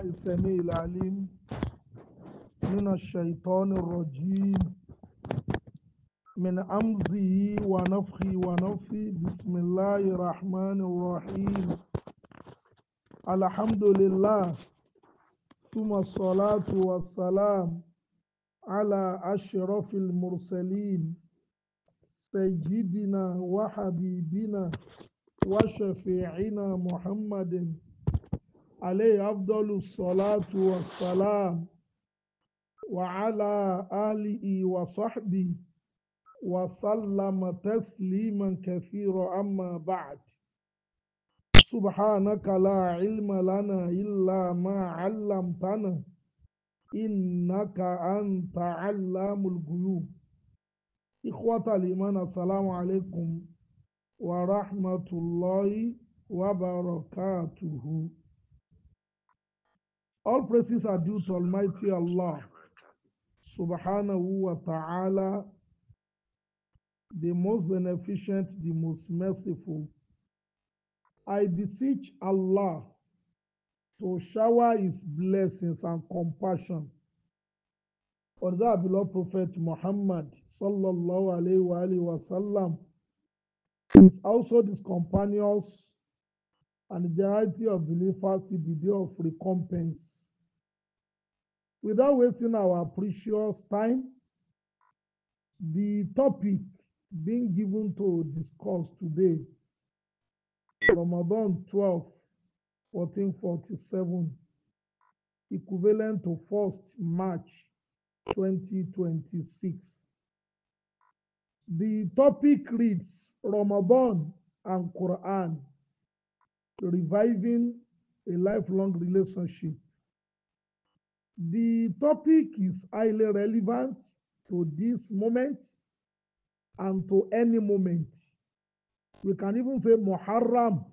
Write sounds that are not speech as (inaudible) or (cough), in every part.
السميع العليم من الشيطان الرجيم من أمزه ونفخه ونفخه بسم الله الرحمن الرحيم الحمد لله ثم الصلاة والسلام على أشرف المرسلين سيدنا وحبيبنا وشفيعنا محمد عليه أفضل الصلاة والسلام وعلى آله وصحبه وسلم تسليما كثيرا أما بعد سبحانك لا علم لنا إلا ما علمتنا إنك أنت علام الغيوب إخوة الإيمان السلام عليكم ورحمة الله وبركاته All praises are due to Almighty Allah, subhanahu wa ta'ala, the most beneficent, the most merciful. I beseech Allah to shower his blessings and compassion on that beloved Prophet Muhammad sallallahu alayhi wa alayhi sallam, it's also his companions and the variety of believers till the day of recompense without wasting our precious time, the topic being given to discuss today, Ramadan 12, 1447, equivalent to 1st March 2026. The topic reads Ramadan and Quran, reviving a lifelong relationship The topic is highly relevant to this moment and to any moment. We can even say Muharram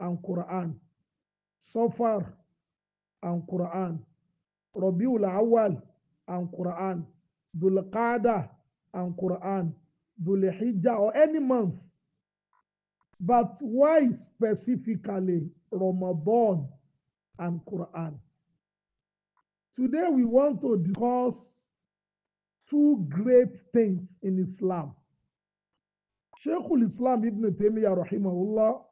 and Quran, Safar and Quran, Rabiul Awal and Quran, Dhul Qada and Quran, Dhul Hijjah or any month. But why specifically Ramadan and Quran? Today we want to discuss two great things in Islam. Sheikhul Islam Ibn Taymiyyah rahimahullah,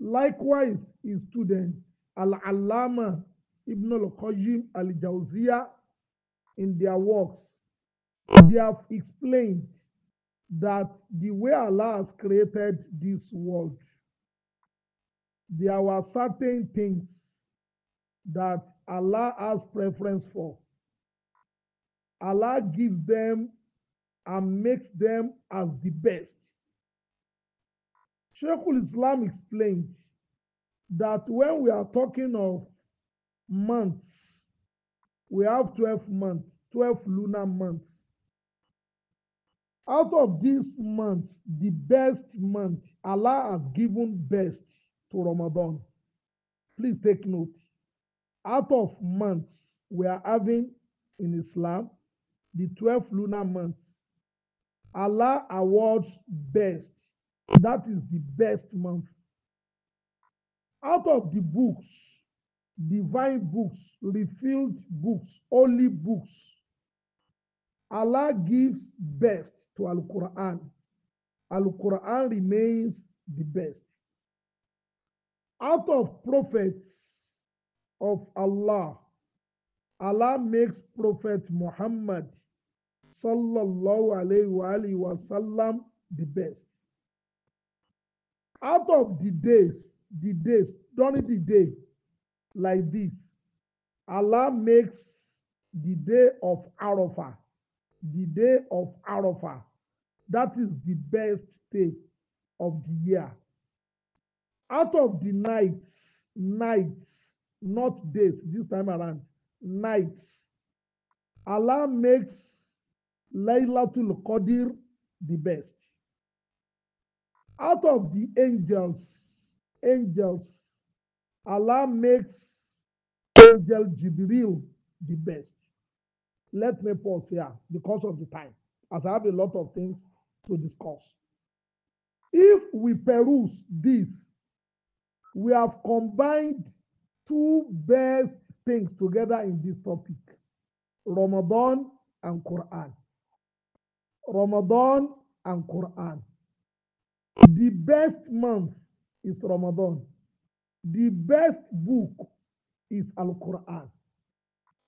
likewise his student Al-Allama Ibn al qajim al-Jawziyah in their works, they have explained that the way Allah has created this world, there were certain things that Allah has preference for. Allah gives them and makes them as the best. Sheikhul Islam explained that when we are talking of months, we have 12 months, 12 lunar months. Out of these months, the best month, Allah has given best to Ramadan. Please take note out of months we are having in Islam, the 12 lunar months, Allah awards best. That is the best month. Out of the books, divine books, refilled books, holy books, Allah gives best to Al Quran. Al Quran remains the best. Out of prophets, of Allah. Allah makes Prophet Muhammad sallallahu alayhi wa, the best. Out of the days, the days, during the day, like this, Allah makes the day of Arafah, the day of Arafah. That is the best day of the year. Out of the nights, nights, not days this time around nights allah makes laylatul qadr the best out of the angels angels allah makes angel jibril the best let me pause here because of the time as i have a lot of things to discuss if we peruse this we have combined two best things together in this topic Ramadan and Quran. Ramadan and Quran. The best month is Ramadan. The best book is Al Quran.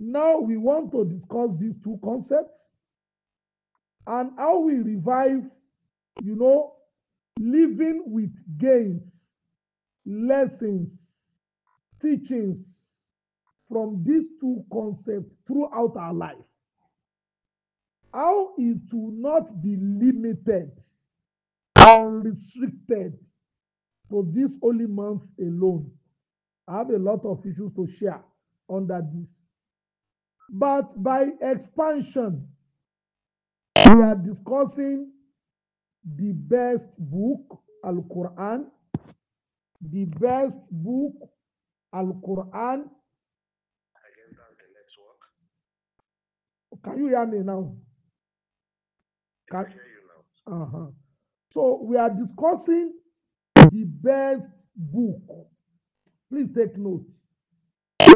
Now we want to discuss these two concepts and how we revive, you know, living with gains, lessons, teachings from these two concepts throughout our life. How it will not be limited and restricted to this holy month alone. I have a lot of issues to share under this. But by expansion, we are discussing the best book, Al Quran, the best book Al-Quran. Can you hear me now? Can, I hear you now. Uh-huh. So we are discussing the best book. Please take note.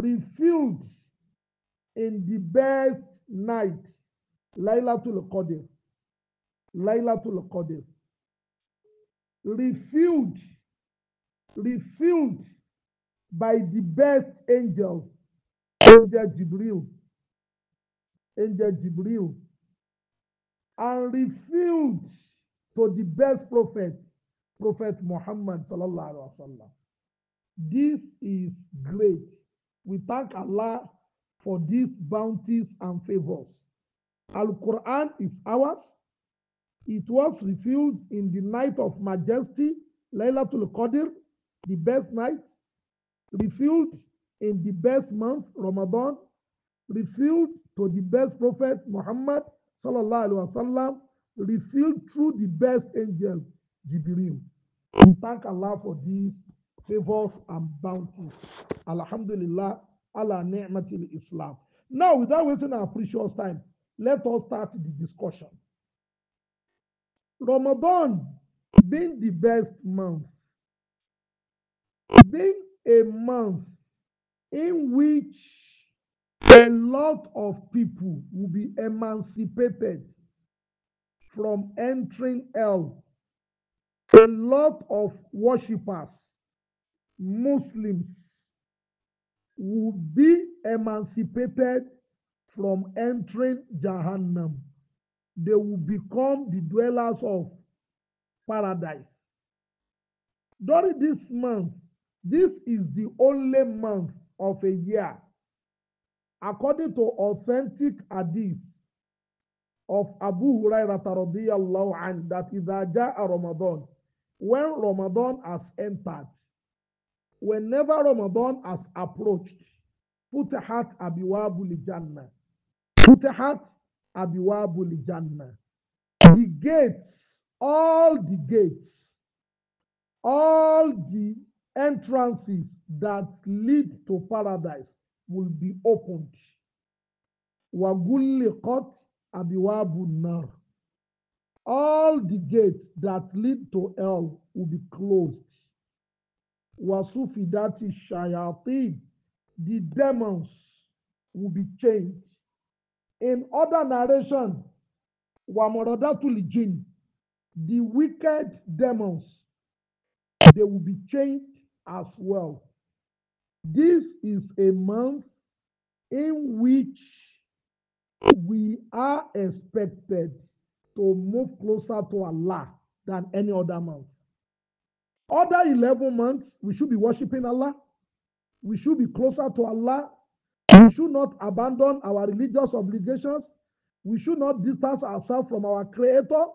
Revealed in the best night, Lailatul Qadr. Lailatul Qadr. Refuge, refuge by the best angel angel Jibril angel Jibril and refilled to the best prophet prophet Muhammad sallallahu alaihi wasallam this is great we thank Allah for these bounties and favors Al-Quran is ours it was refilled in the night of majesty Laylatul Qadr the best night Refilled in the best month, Ramadan, refilled to the best prophet, Muhammad, sallallahu alaihi wasallam, refilled through the best angel, Jibril. We thank Allah for these favors and bounties. Alhamdulillah, Allah ni'matil Islam. Now, without wasting our precious time, let us start the discussion. Ramadan being the best month, being a month in which a lot of people will be emancipated from entering hell. A lot of worshippers, Muslims, will be emancipated from entering Jahannam. They will become the dwellers of paradise. During this month, This is the only month of a year, according to authentic hadith of Abu Hurairah radiyallahu anhu that is ja'a Ramadan, when Ramadan has entered, whenever Ramadan has approached, put futahat abiwabu lijanna, futahat abiwabu lijanna, the gates, all the gates, all the entrances that lead to paradise will be opened. Wagullikot abiwabu nar. All the gates that lead to hell will be closed. Wasufidati shayatin. The demons will be changed. In other narration, Wamoradatul jinn. The wicked demons, they will be changed as well. This is a month in which we are expected to move closer to Allah than any other month. Other 11 months, we should be worshiping Allah. We should be closer to Allah. We should not abandon our religious obligations. We should not distance ourselves from our Creator,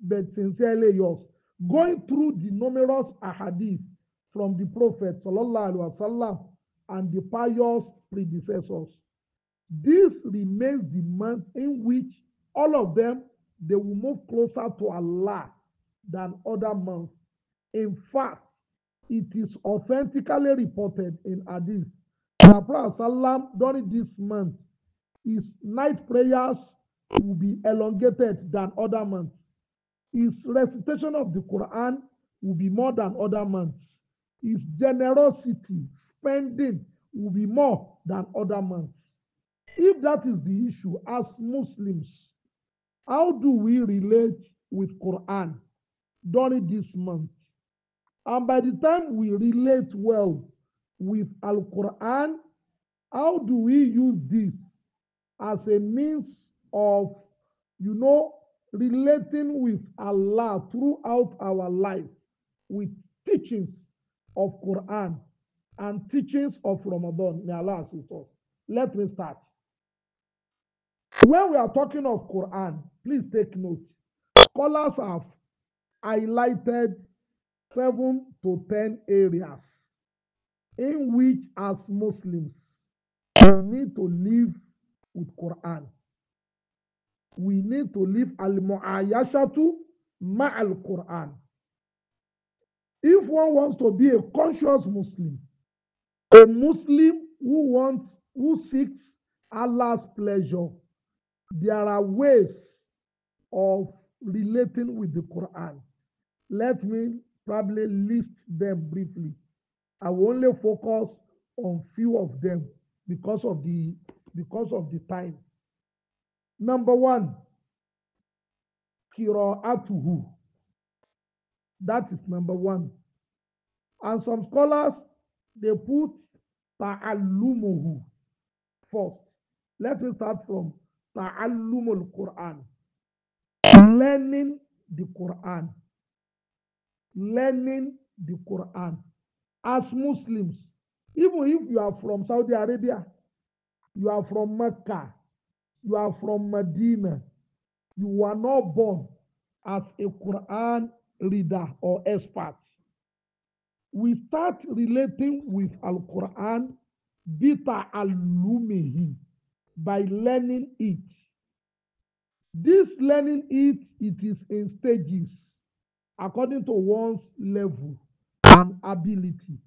but sincerely yours. Going through the numerous ahadith from the Prophet wasallam and the pious predecessors. This remains the month in which all of them they will move closer to Allah than other months. In fact, it is authentically reported in Hadith that Prophet during this month his night prayers will be elongated than other months. His recitation of the Quran will be more than other months his generosity spending will be more than other man's. If that is the issue as Muslims, how do we relate with Quran during this month? And by the time we relate well with Al Quran, how do we use this as a means of, you know, relating with Allah throughout our life with teachings of Quran and teachings of Ramadan. May Allah assist us. Let me start. When we are talking of Quran, please take note. Scholars have highlighted seven to ten areas in which, as Muslims, we need to live with Quran. We need to live al-mu'ayashatu ma'al Quran if one wants to be a conscious Muslim, a Muslim who wants, who seeks Allah's pleasure, there are ways of relating with the Quran. Let me probably list them briefly. I will only focus on few of them because of the because of the time. Number one, kiro atuhu That is number one. And some scholars, they put ta'allumuhu first. Let me start from ta'allumul Quran. Learning the Quran. Learning the Quran. As Muslims, even if you are from Saudi Arabia, you are from Mecca, you are from Medina, you were not born as a Quran reader or expert. We start relating with Al Quran bita alumihi by learning it. This learning it, it is in stages according to one's level and ability.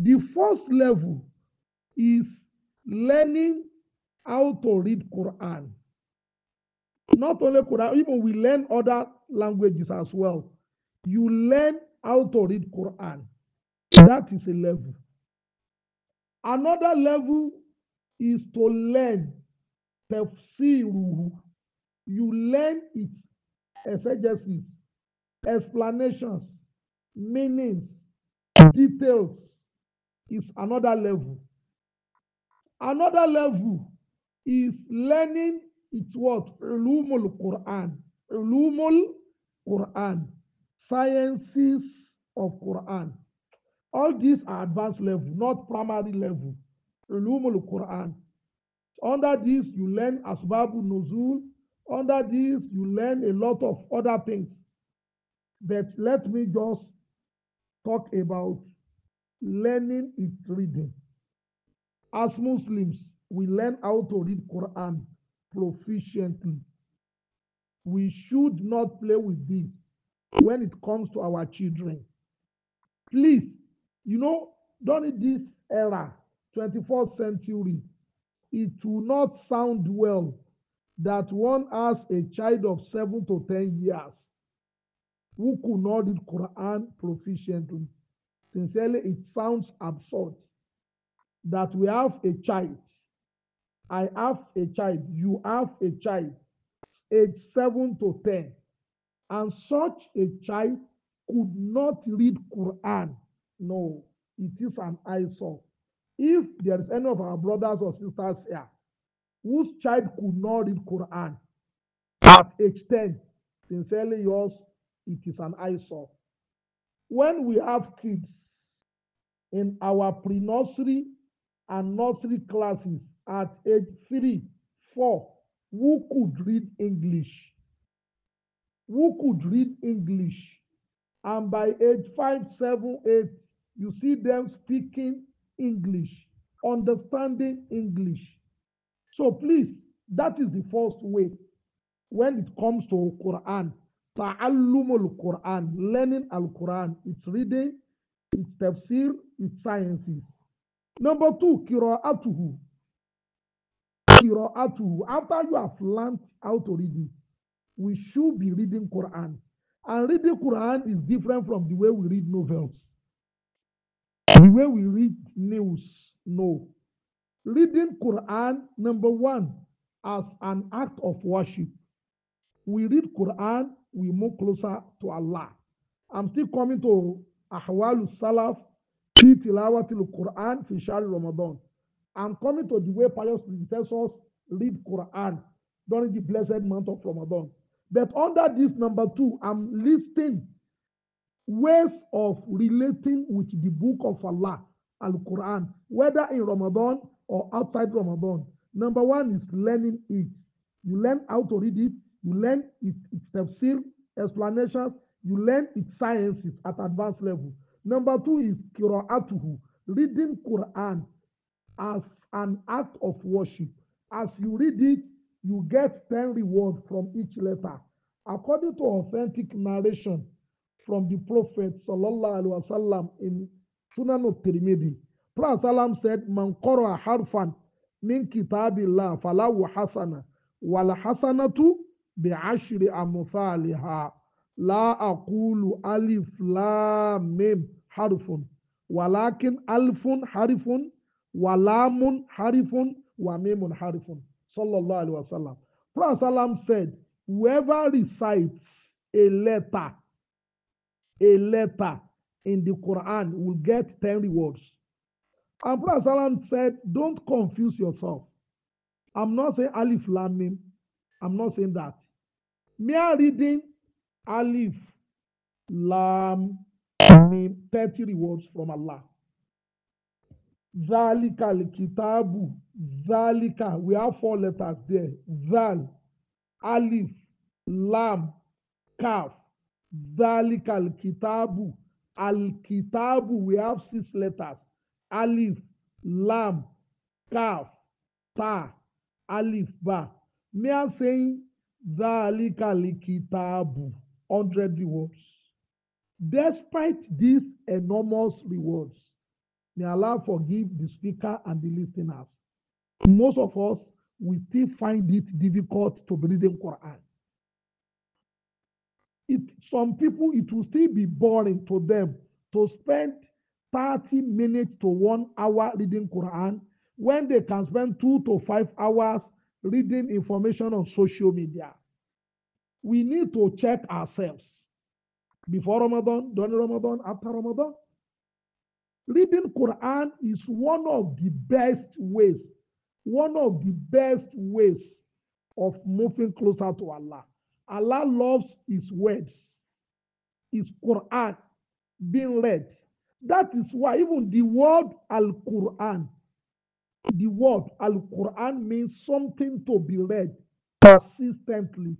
The first level is learning how to read Quran. Not only Quran, even we learn other languages as well. You learn how to read Quran. That is a level. Another level is to learn tafsiruhu. You learn its exegesis, explanations, meanings, details is another level. Another level is learning it's what? Ulumul Quran. Ulumul Quran. Sciences of Quran. All these are advanced level, not primary level. Ulumul Quran. Under this, you learn Asbabu Nuzul. Under this, you learn a lot of other things. But let me just talk about learning its reading. As Muslims, we learn how to read Quran proficiently. We should not play with this when it comes to our children. Please, you know, during this era, 21st century, it will not sound well that one has a child of seven to ten years who could not read Quran proficiently. Sincerely, it sounds absurd that we have a child I have a child, you have a child, age seven to ten, And such a child could not read Quran. No, it is an eyesore. If there is any of our brothers or sisters here whose child could not read Quran at age 10, sincerely yours, it is an eyesore. When we have kids in our pre-nursery and nursery classes, at age three, four, who could read English? Who could read English? And by age five, seven, eight, you see them speaking English, understanding English. So please, that is the first way when it comes to Quran. Ta'allumul Quran, learning Al Quran. It's reading, it's tafsir, it's sciences. Number two, kira'atuhu, kiro atu after you have learned how to read it we should be reading Quran and reading Quran is different from the way we read novels the way we read news no reading Quran number one as an act of worship we read Quran we move closer to Allah I'm still coming to ahwalu salaf fi tilawati quran fi shahri Ramadan and coming to the way pious predecessors read Quran during the blessed month of Ramadan. But under this number two, I'm listing ways of relating with the book of Allah, Al Quran, whether in Ramadan or outside Ramadan. Number one is learning it. You learn how to read it, you learn its, its tafsir, explanations, you learn its sciences at advanced level. Number two is Qira'atuhu, reading Quran as an act of worship. As you read it, you get 10 rewards from each letter. According to authentic narration from the Prophet wasallam in Sunan al-Tirmidhi, Prophet Salam said, Man qara harfan min kitabillah falahu hasana wal hasanatu bi ashri amthaliha la aqulu alif lam mim harfun walakin alfun harfun walamun harifun wamimun harifun sallallahu alaihi wasallam prophet salam said whoever recites a letter a letter in the quran will get 10 rewards and prophet salam said don't confuse yourself i'm not saying alif lamim i'm not saying that mere reading alif lam mim 30 rewards from allah Zalika al-kitabu. Zalika. We have four letters there. Zal. Alif. Lam. Kaf. Zalika al-kitabu. Al-kitabu, we have six letters. Alif, Lam, Kaf, Ta, Alif, Ba. Me are saying, Zalika al-kitabu. 100 rewards. Despite these enormous rewards, May Allah forgive the speaker and the listeners. Most of us, we still find it difficult to believe in Quran. It, some people, it will still be boring to them to spend 30 minutes to one hour reading Quran when they can spend two to five hours reading information on social media. We need to check ourselves before Ramadan, during Ramadan, after Ramadan reading Quran is one of the best ways, one of the best ways of moving closer to Allah. Allah loves His words, His Quran being read. That is why even the word Al Quran, the word Al Quran means something to be read persistently,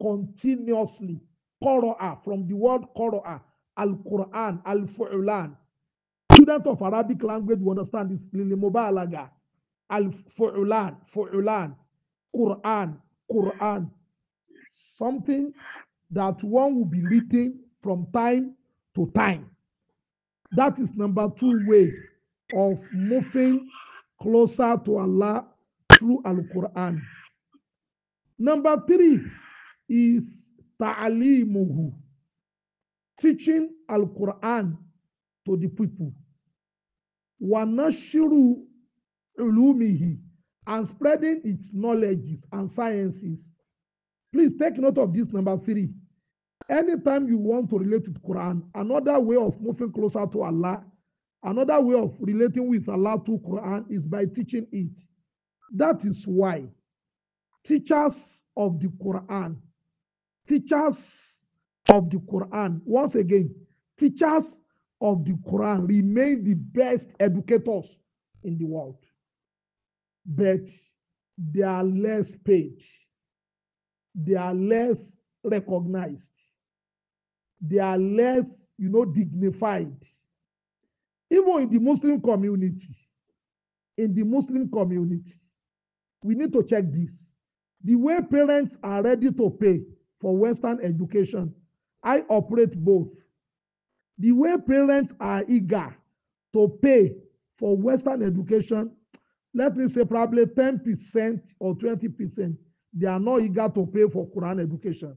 continuously. Qur'an from the word Qur'an, Al Quran, Al Fu'lan. Student of Arabic language will understand this. Lilimobalaga, Al-Fu'ulan, Fu'ulan, Quran, Quran. Something that one will be reading from time to time. That is number two way of moving closer to Allah through Al-Quran. Number three is ta'alimuhu, teaching Al-Quran to the people wanashiru ulumihi and spreading its knowledge and sciences. Please take note of this number three. Anytime you want to relate with Quran, another way of moving closer to Allah, another way of relating with Allah to Quran is by teaching it. That is why teachers of the Quran, teachers of the Quran, once again, teachers of the Quran remain the best educators in the world. But they are less paid, they are less recognized, they are less, you know, dignified. Even in the Muslim community, in the Muslim community, we need to check this. The way parents are ready to pay for Western education, I operate both The way parents are eager to pay for Western education, let me say probably ten percent or twenty percent, they are not eager to pay for Quran education,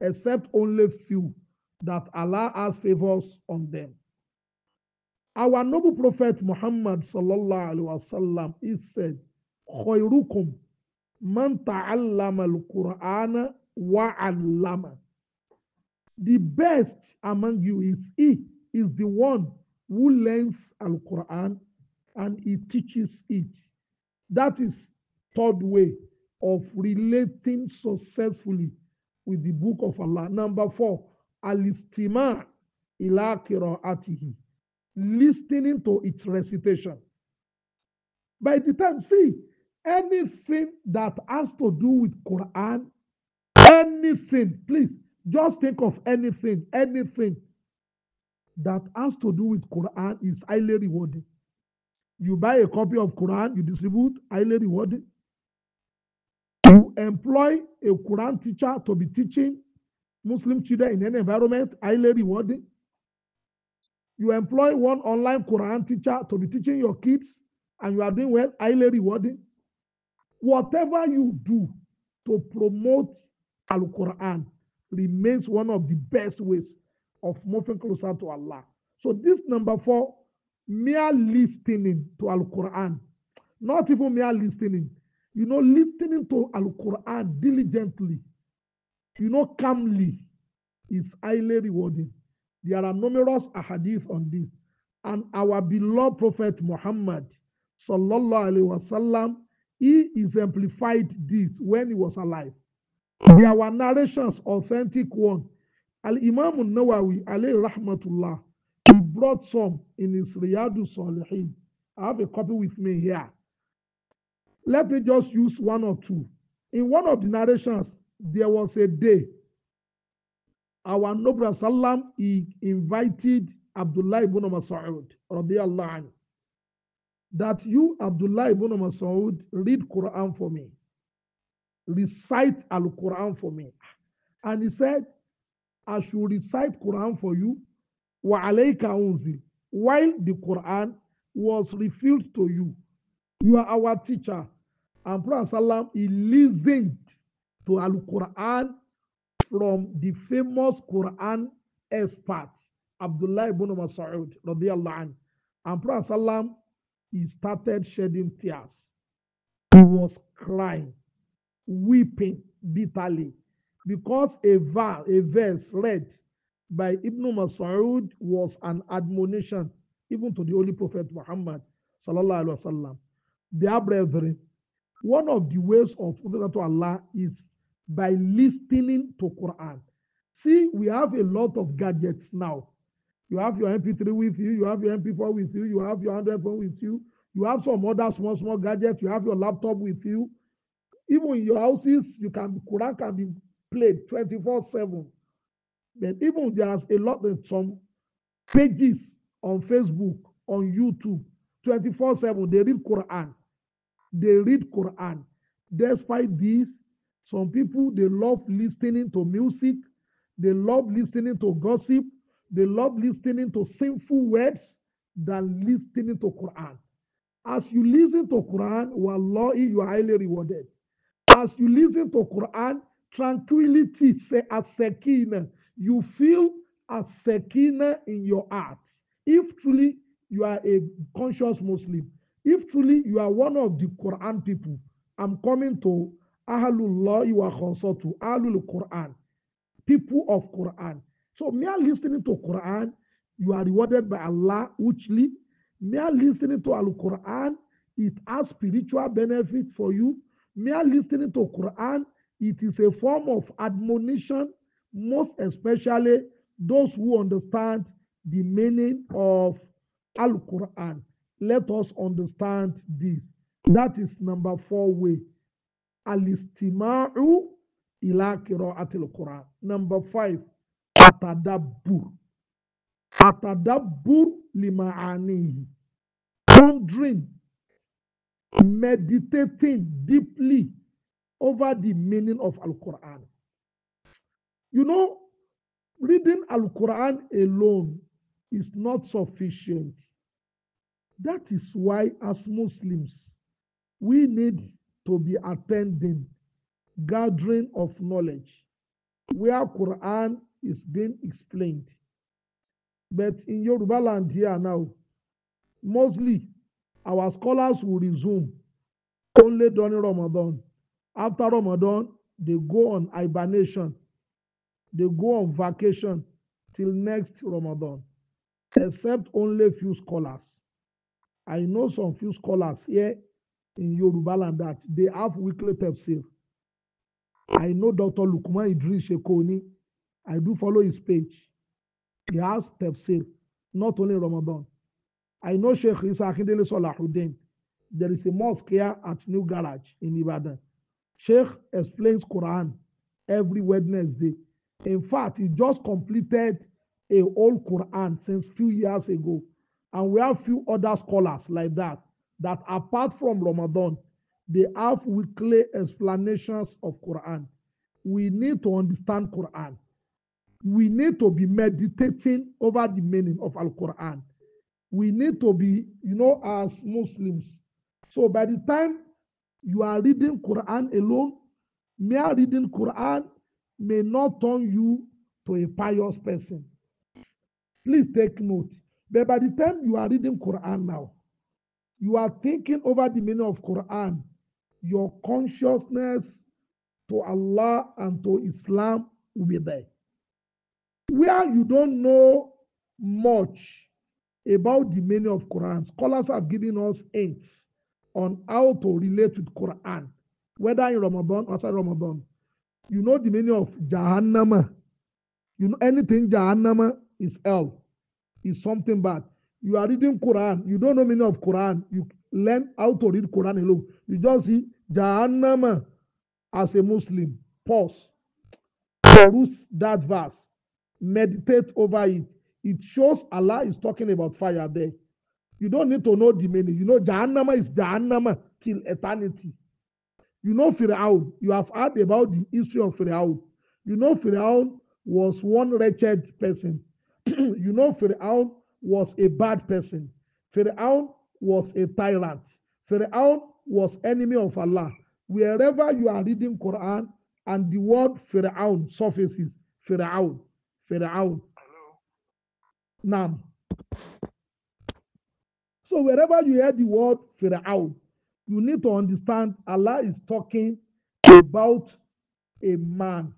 except only few that Allah has favors on them. Our noble prophet Muhammad sallallahu alaihi wasallam he said, "Khayrukum man ta'allama al-Qur'ana wa 'allama." The best among you is he, is the one who learns Al Quran and he teaches it. That is third way of relating successfully with the book of Allah. Number four, alistima ila atihi, listening to its recitation. By the time, see, anything that has to do with Quran, anything, please, Just think of anything, anything that has to do with Quran is highly rewarding. You buy a copy of Quran, you distribute, highly rewarding. You employ a Quran teacher to be teaching Muslim children in any environment, highly rewarding. You employ one online Quran teacher to be teaching your kids, and you are doing well, highly rewarding. Whatever you do to promote Al Quran remains one of the best ways of moving closer to Allah. So this number four, mere listening to Al Quran, not even mere listening, you know, listening to Al Quran diligently, you know, calmly, is highly rewarding. There are numerous ahadith on this, and our beloved Prophet Muhammad, sallallahu alaihi wasallam, he exemplified this when he was alive. There were narrations, authentic one. Al Imam Nawawi, alayhi rahmatullah, he brought some in his Riyadu Salihin. I have a copy with me here. Let me just use one or two. In one of the narrations, there was a day our noble Salam he invited Abdullah ibn Mas'oud, Mas'ud that you Abdullah ibn Mas'oud read Quran for me recite Al Quran for me. And he said, I should recite Quran for you. Wa alayka unzi. While the Quran was revealed to you, you are our teacher. And Prophet Sallam, he listened to Al Quran from the famous Quran expert, Abdullah ibn Mas'ud, radiallahu anhu. And Prophet Sallam, he started shedding tears. He was crying weeping bitterly because a verse, a verse read by Ibn Mas'ud was an admonition even to the Holy Prophet Muhammad sallallahu alaihi brethren, one of the ways of obedience Allah is by listening to Quran. See, we have a lot of gadgets now. You have your MP3 with you, you have your MP4 with you, you have your Android phone with you, you have some other small, small gadgets, you have your laptop with you, Even in your houses, you can Quran can be played 24-7. But even there's a lot of some pages on Facebook, on YouTube, 24-7, they read Quran. They read Quran. Despite this, some people they love listening to music, they love listening to gossip, they love listening to sinful words than listening to Quran. As you listen to Quran, wallahi, you are highly rewarded. As you listen to Quran, tranquility, say a sekina. You feel a sekina in your heart. If truly you are a conscious Muslim, if truly you are one of the Quran people, I'm coming to Ahlullah, you are concerned to Ahlul Quran, people of Quran. So mere listening to Quran, you are rewarded by Allah richly. Mere listening to Al Quran, it has spiritual benefit for you. Mere listening to Quran, it is a form of admonition, most especially those who understand the meaning of Al Quran. Let us understand this. That is number four way. Alistima'u ila qira'atil Quran. Number five, atadabbur. Atadabbur lima'anihi. Pondering meditating deeply over the meaning of Al Quran. You know, reading Al Quran alone is not sufficient. That is why, as Muslims, we need to be attending gathering of knowledge where Quran is being explained. But in Yoruba land here now, mostly our scholars will resume only during Ramadan. After Ramadan, they go on hibernation. They go on vacation till next Ramadan, except only few scholars. I know some few scholars here in Yoruba land that they have weekly tafsir. I know Dr. Lukman Idris Shekoni. I do follow his page. He has tafsir, not only Ramadan. I know Sheikh Isa Akindele Salahuddin. There is a mosque here at New Garage in Ibadan. Sheikh explains Quran every Wednesday. In fact, he just completed a whole Quran since few years ago. And we have few other scholars like that, that apart from Ramadan, they have weekly explanations of Quran. We need to understand Quran. We need to be meditating over the meaning of Al Quran we need to be, you know, as Muslims. So by the time you are reading Quran alone, mere reading Quran may not turn you to a pious person. Please take note. But by the time you are reading Quran now, you are thinking over the meaning of Quran. Your consciousness to Allah and to Islam will be there. Where you don't know much, about the meaning of Quran. Scholars have given us hints on how to relate with Quran, whether in Ramadan or outside Ramadan. You know the meaning of Jahannama. You know anything Jahannama is hell, is something bad. You are reading Quran, you don't know meaning of Quran. You learn how to read Quran alone. You just see Jahannama as a Muslim. Pause. Peruse that verse. Meditate over it It shows Allah is talking about fire there. You don't need to know the meaning. You know, Jahannama is Jahannama till eternity. You know Firaun. You have heard about the history of Firaun. You know Firaun was one wretched person. (clears throat) you know Firaun was a bad person. Firaun was a tyrant. Firaun was enemy of Allah. Wherever you are reading Quran and the word Firaun surfaces, Firaun, Firaun, Nam. So wherever you hear the word Pharaoh, you need to understand Allah is talking about a man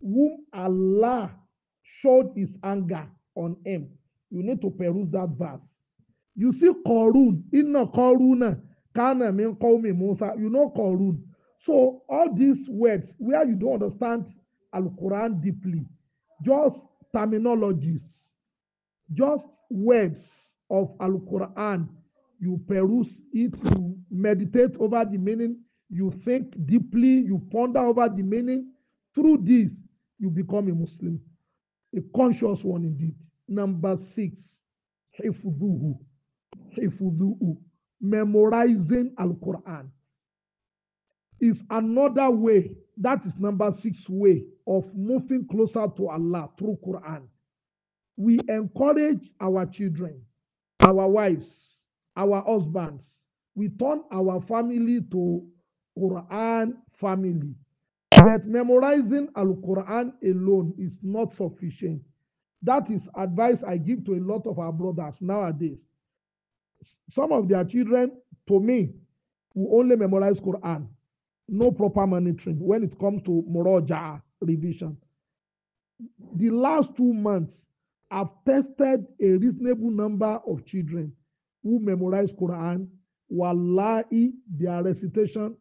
whom Allah showed his anger on him. You need to peruse that verse. You see Korun, inna Koruna, kana min qawmi Musa. You know Korun. So all these words where you don't understand Al-Quran deeply, just terminologies just words of Al Quran. You peruse it, you meditate over the meaning, you think deeply, you ponder over the meaning. Through this, you become a Muslim, a conscious one indeed. Number six, Hifuduhu. Hifuduhu. Memorizing Al Quran is another way, that is number six way of moving closer to Allah through Quran we encourage our children, our wives, our husbands. We turn our family to Quran family. But memorizing Al Quran alone is not sufficient. That is advice I give to a lot of our brothers nowadays. Some of their children, to me, who only memorize Quran, no proper monitoring when it comes to Moroja revision. The last two months, have tested a reasonable number of children who memorize Quran. Wallahi, their recitation,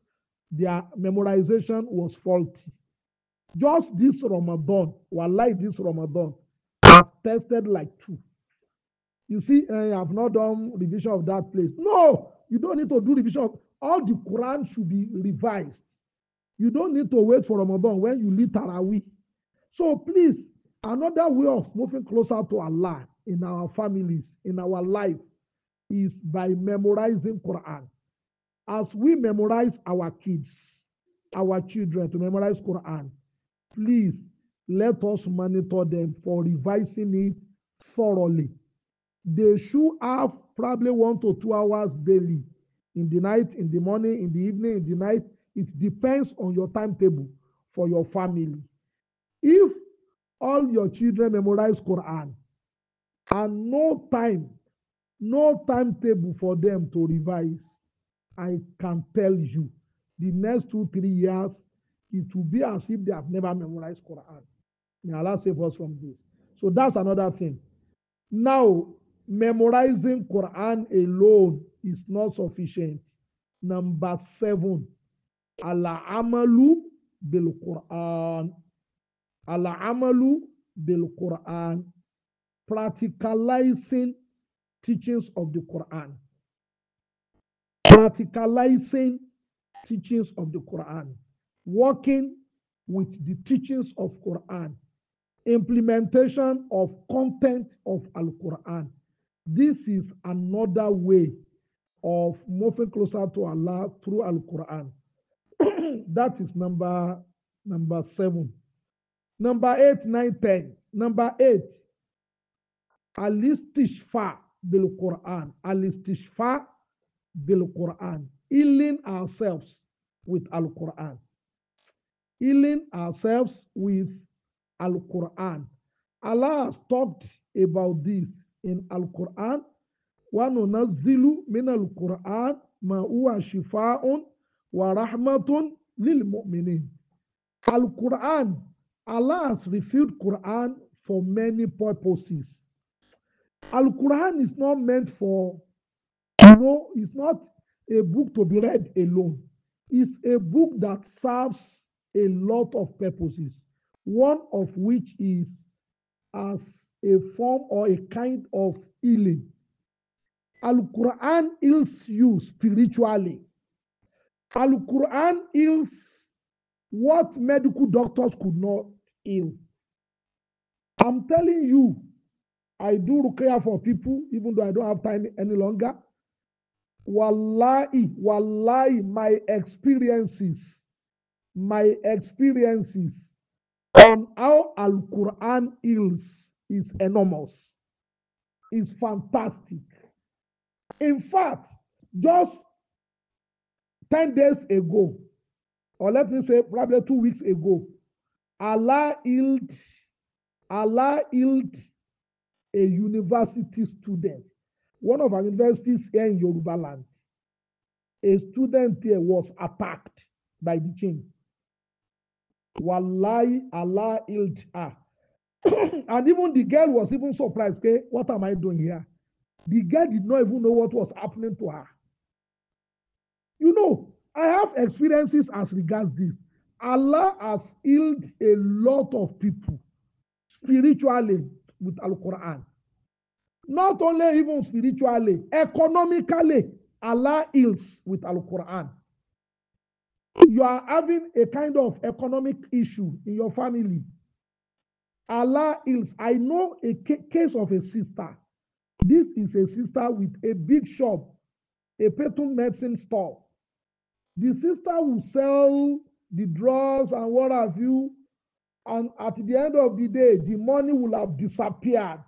their memorization was faulty. Just this Ramadan, wallahi, this Ramadan, I've tested like two. You see, eh, I have not done revision of that place. No, you don't need to do revision. Of, all the Quran should be revised. You don't need to wait for Ramadan when you lead Taraweeh. So please, Another way of moving closer to Allah in our families, in our life, is by memorizing Quran. As we memorize our kids, our children to memorize Quran, please let us monitor them for revising it thoroughly. They should have probably one to two hours daily in the night, in the morning, in the evening, in the night. It depends on your timetable for your family. If all your children memorize Quran and no time, no timetable for them to revise. I can tell you, the next two, three years, it will be as if they have never memorized Quran. May Allah save us from this. So that's another thing. Now, memorizing Quran alone is not sufficient. Number seven, Allah amalu bil Quran Al-amalu bil Quran, practicalizing teachings of the Quran. Practicalizing teachings of the Quran. Working with the teachings of Quran. Implementation of content of Al-Quran. This is another way of moving closer to Allah through Al-Quran. (clears throat) that is number number seven number eight nine ten number eight alistishfa bil quran alistishfa bil quran healing ourselves with al quran healing ourselves with al quran allah has talked about this in al quran Quran, ma من shifa'un wa rahmatun lil mu'minin. للمؤمنين Quran. Allah has revealed Quran for many purposes. Al-Quran is not meant for, you know, it's not a book to be read alone. It's a book that serves a lot of purposes, one of which is as a form or a kind of healing. Al-Quran heals you spiritually. Al-Quran heals what medical doctors could not him. I'm telling you, I do care for people, even though I don't have time any longer. Wallahi, wallahi, my experiences, my experiences on how Al Quran heals is enormous, is fantastic. In fact, just 10 days ago, or let me say probably two weeks ago, Allah healed, Allah healed a university student, one of our universities here in Yoruba land. A student there was attacked by the chain. Wallahi, Allah healed her. and even the girl was even surprised, okay, what am I doing here? The girl did not even know what was happening to her. You know, I have experiences as regards this. Allah has healed a lot of people spiritually with Al Quran. Not only even spiritually, economically, Allah heals with Al Quran. You are having a kind of economic issue in your family. Allah heals. I know a case of a sister. This is a sister with a big shop, a patent medicine store. The sister will sell the drugs and what have you. And at the end of the day, the money will have disappeared.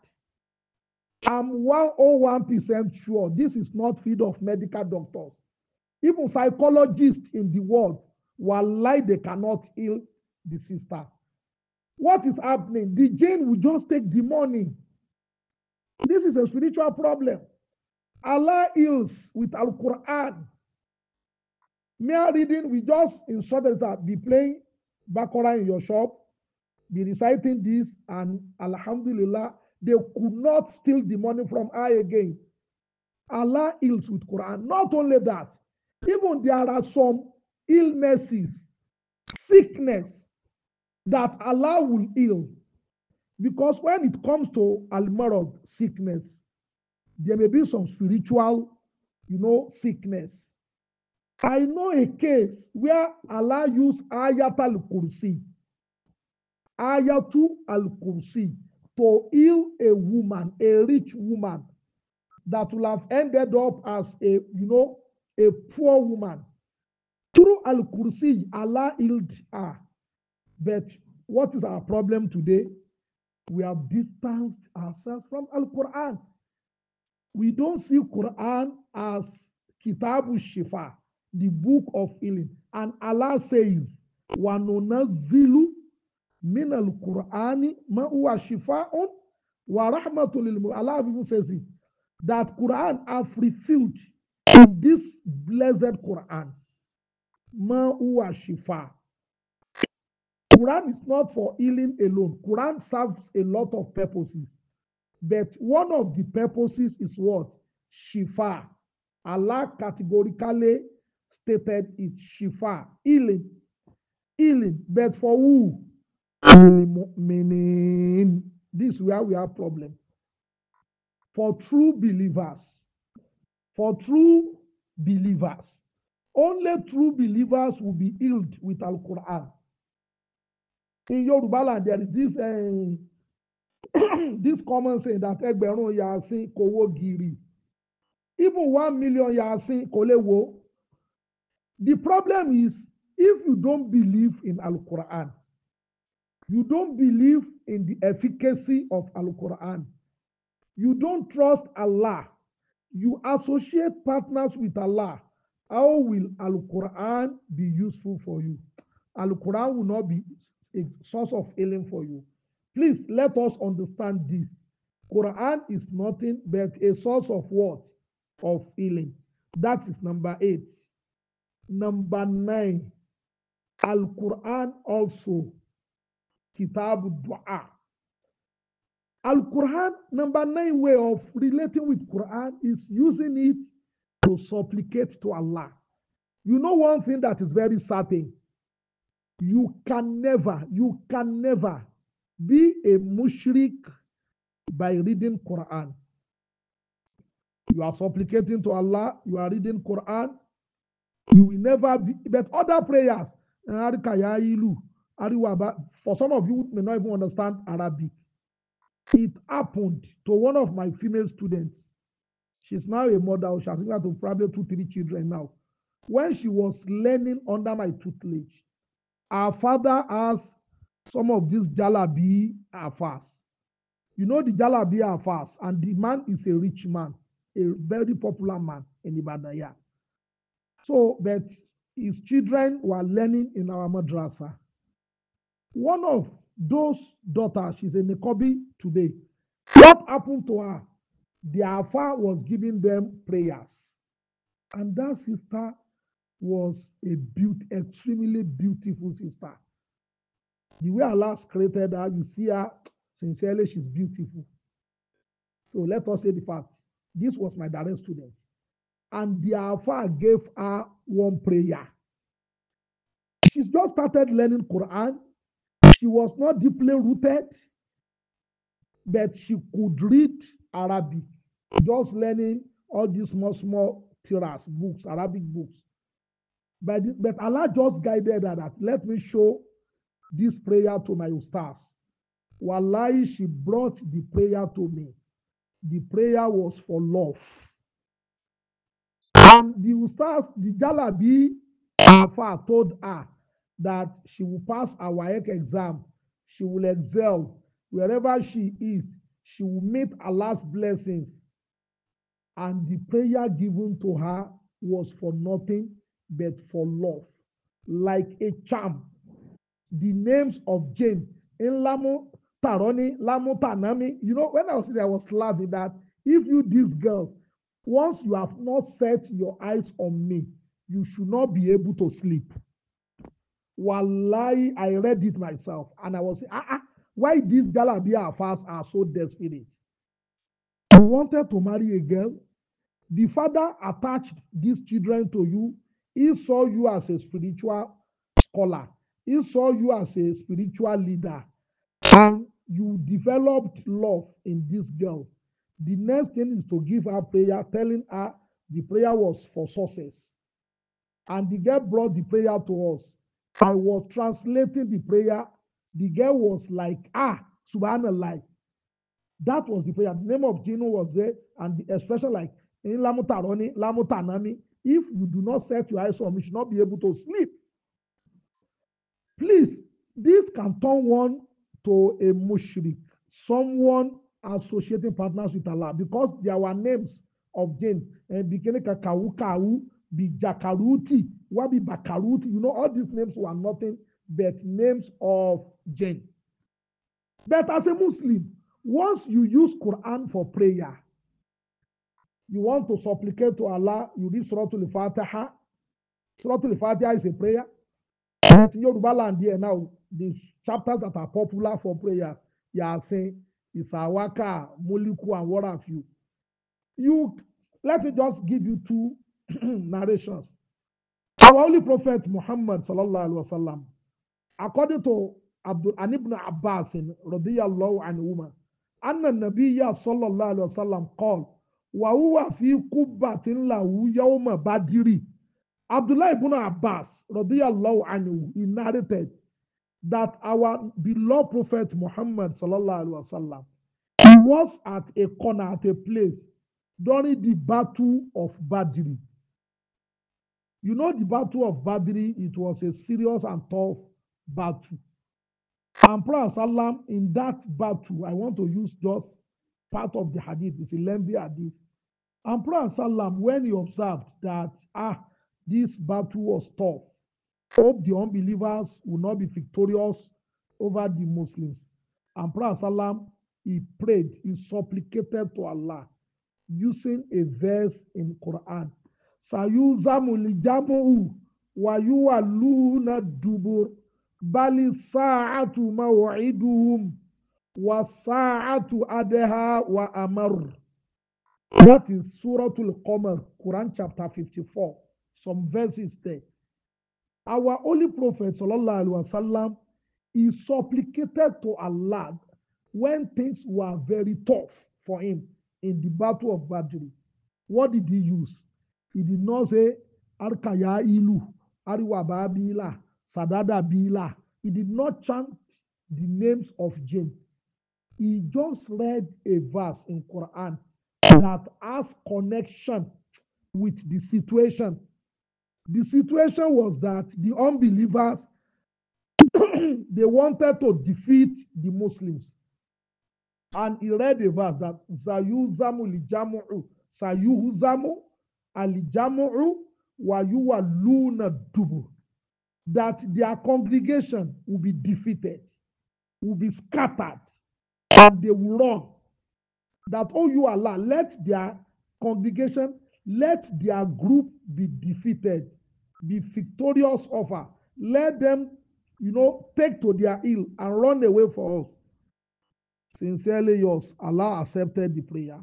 I'm 101% sure this is not feed of medical doctors. Even psychologists in the world were lie they cannot heal the sister. What is happening? The jinn will just take the money. This is a spiritual problem. Allah heals with Al Quran. Mere reading, we just instructed that be playing Baccarat in your shop, be reciting this, and Alhamdulillah, they could not steal the money from I again. Allah heals with Quran. Not only that, even there are some illnesses, sickness that Allah will heal. Because when it comes to al sickness, there may be some spiritual, you know, sickness I know a case where Allah used Ayat al-Kursi, Ayatu al-Kursi, to heal a woman, a rich woman, that will have ended up as a, you know, a poor woman. Through al-Kursi, Allah healed her. But what is our problem today? We have distanced ourselves from Al-Quran. We don't see Quran as Kitabu Shifa the book of healing. And Allah says, وَنُنَزِّلُ مِنَ الْقُرْآنِ مَا هُوَ شِفَاءٌ wa لِلْمُؤْمِنِينَ Allah even says it, that Quran have refilled in this blessed Quran. مَا هُوَ شِفَاءٌ Quran is not for healing alone. Quran serves a lot of purposes. But one of the purposes is what? Shifa. Allah categorically stated it Shifa, healing, healing. But for who? Meaning, this is where we have problem. For true believers, for true believers, only true believers will be healed with Al Quran. In Yoruba land, there is this uh, (coughs) this common saying that ẹgbẹ̀rún yasin Kowo Giri." Even one million yasin kò wo The problem is if you don't believe in Al Quran, you don't believe in the efficacy of Al Quran, you don't trust Allah, you associate partners with Allah, how will Al Quran be useful for you? Al Quran will not be a source of healing for you. Please let us understand this. Quran is nothing but a source of what? Of healing. That is number eight. Number nine, Al Quran also, Kitab Dua. Al Quran, number nine way of relating with Quran is using it to supplicate to Allah. You know one thing that is very certain. You can never, you can never be a mushrik by reading Quran. You are supplicating to Allah, you are reading Quran, you will never be but other prayers for some of you may not even understand Arabic it happened to one of my female students she's now a mother she has got probably two three children now when she was learning under my tutelage her father asked some of these jalabi affairs. you know the jalabi affairs, and the man is a rich man a very popular man in Ibadan yeah So, but his children were learning in our madrasa. One of those daughters, she's in Nikobi today. What happened to her? The Alpha was giving them prayers. And that sister was a beaut- extremely beautiful sister. The way Allah created her, you see her, sincerely, she's beautiful. So let us say the fact. This was my direct student and the Alpha gave her one prayer. She just started learning Quran. She was not deeply rooted, but she could read Arabic, just learning all these small, small tiras, books, Arabic books. But, but Allah just guided her that let me show this prayer to my stars. Wallahi, she brought the prayer to me. The prayer was for love. And the Ustaz, the Jalabi Afa told her that she will pass her WAEC exam. She will excel. Wherever she is, she will meet Allah's blessings. And the prayer given to her was for nothing but for love, like a charm. The names of Jane in Lamu Taroni, Lamu Tanami. You know, when I was there, I was laughing that if you, this girl, Once you have not set your eyes on me, you should not be able to sleep. Wallahi, I read it myself and I was saying, ah, ah, why these Galabia fast are so desperate? You wanted to marry a girl. The father attached these children to you. He saw you as a spiritual scholar. He saw you as a spiritual leader. And you developed love in this girl The next thing is to give her prayer, telling her the prayer was for sources, And the girl brought the prayer to us. I was translating the prayer. The girl was like, ah, subhanallah. That was the prayer. The name of Gino was there, and the expression like, in Lamutaroni, Lamutanami. If you do not set your eyes on, you should not be able to sleep. Please, this can turn one to a mushrik, someone associating partners with Allah because there were names of jinn and eh, bikini kakau kau bijakaruti wabi bakaruti you know all these names were nothing but names of jinn but as a muslim once you use quran for prayer you want to supplicate to allah you read surah al-fatiha surah al-fatiha is a prayer but in yoruba land here now the chapters that are popular for prayer you are saying Is our worker Moliku, and what have you. You let me just give you two (clears throat) narrations. Our holy prophet Muhammad sallallahu alaihi wasallam, according to Abdul an ibn Abbas radiyallahu anhu, أن النبي صلى الله عليه وسلم قال وهو في قبة له يوم بدر Abdullah ibn Abbas radiyallahu anhu he narrated that our beloved prophet Muhammad sallallahu alaihi wasallam was at a corner at a place during the battle of Badri. You know the battle of Badri, it was a serious and tough battle. And Prophet Sallam in that battle, I want to use just part of the hadith. It's a lengthy hadith. And Prophet Sallam, when he observed that ah, this battle was tough, Hope the unbelievers will not be victorious over the Muslims. And Prophet Salam, he prayed, he supplicated to Allah using a verse in Quran. Sayuzamu lijamu wa yuwaluna dubur bali sa'atu maw'iduhum wa sa'atu adha wa amar. That is Surah Al-Qamar, Quran chapter 54. Some verses there. Our holy prophet sallallahu alaihi wasallam he supplicated to Allah when things were very tough for him in the battle of Badr. What did he use? He did not say Arkaya ilu, Ariwaba bila, Sadada bila. He did not chant the names of jinn. He just read a verse in Quran that has connection with the situation the situation was that the unbelievers (clears throat) they wanted to defeat the Muslims. And he read a verse that Zayuzamu lijamu'u Sayuhuzamu alijamu'u wayuwa luna dubu that their congregation will be defeated, will be scattered, and they will run. That oh you Allah, let their congregation, let their group be defeated The victorious offer. Let them, you know, take to their ill and run away for us. Sincerely yours, Allah accepted the prayer.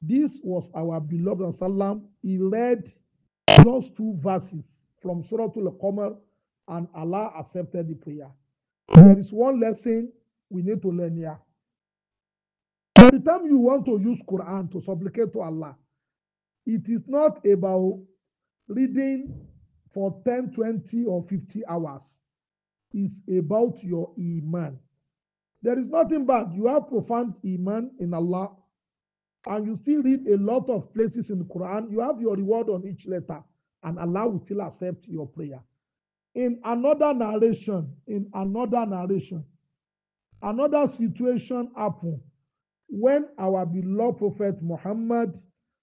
This was our beloved Salam. He read just two verses from Surah to the qamar and Allah accepted the prayer. There is one lesson we need to learn here. Every time you want to use Quran to supplicate to Allah, it is not about reading for 10, 20, or 50 hours is about your Iman. There is nothing bad. You have profound Iman in Allah. And you still read a lot of places in the Quran. You have your reward on each letter. And Allah will still accept your prayer. In another narration, in another narration, another situation happened when our beloved Prophet Muhammad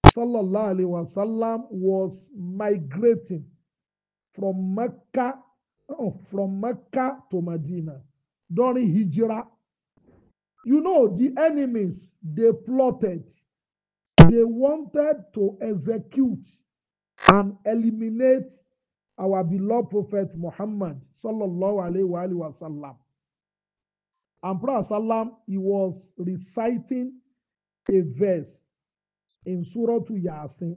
sallallahu alaihi wasallam was migrating from Mecca, oh, from Mecca to Medina during Hijra, You know, the enemies, they plotted. They wanted to execute and eliminate our beloved Prophet Muhammad sallallahu alaihi wasallam. And Prophet sallam, he was reciting a verse in Surah to Yasin.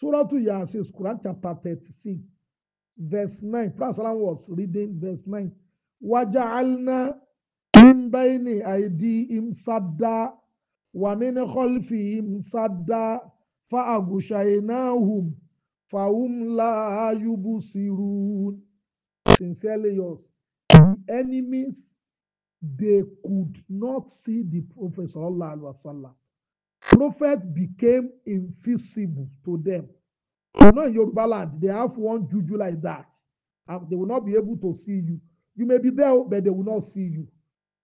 Surah to Yasin is Quran chapter 36, verse 9. Prophet was reading verse 9. وَجَعَلْنَا مِنْ بَيْنِ أَيْدِيهِمْ سَدًّا وَمِنْ خَلْفِهِمْ سَدًّا فَأَغْشَيْنَاهُمْ فَهُمْ لَا يُبْصِرُونَ Sincerely yours. The enemies, they could not see the Prophet. Prophet became invisible to them. You're not in Yoruba land. They have one juju like that. And they will not be able to see you. You may be there, but they will not see you.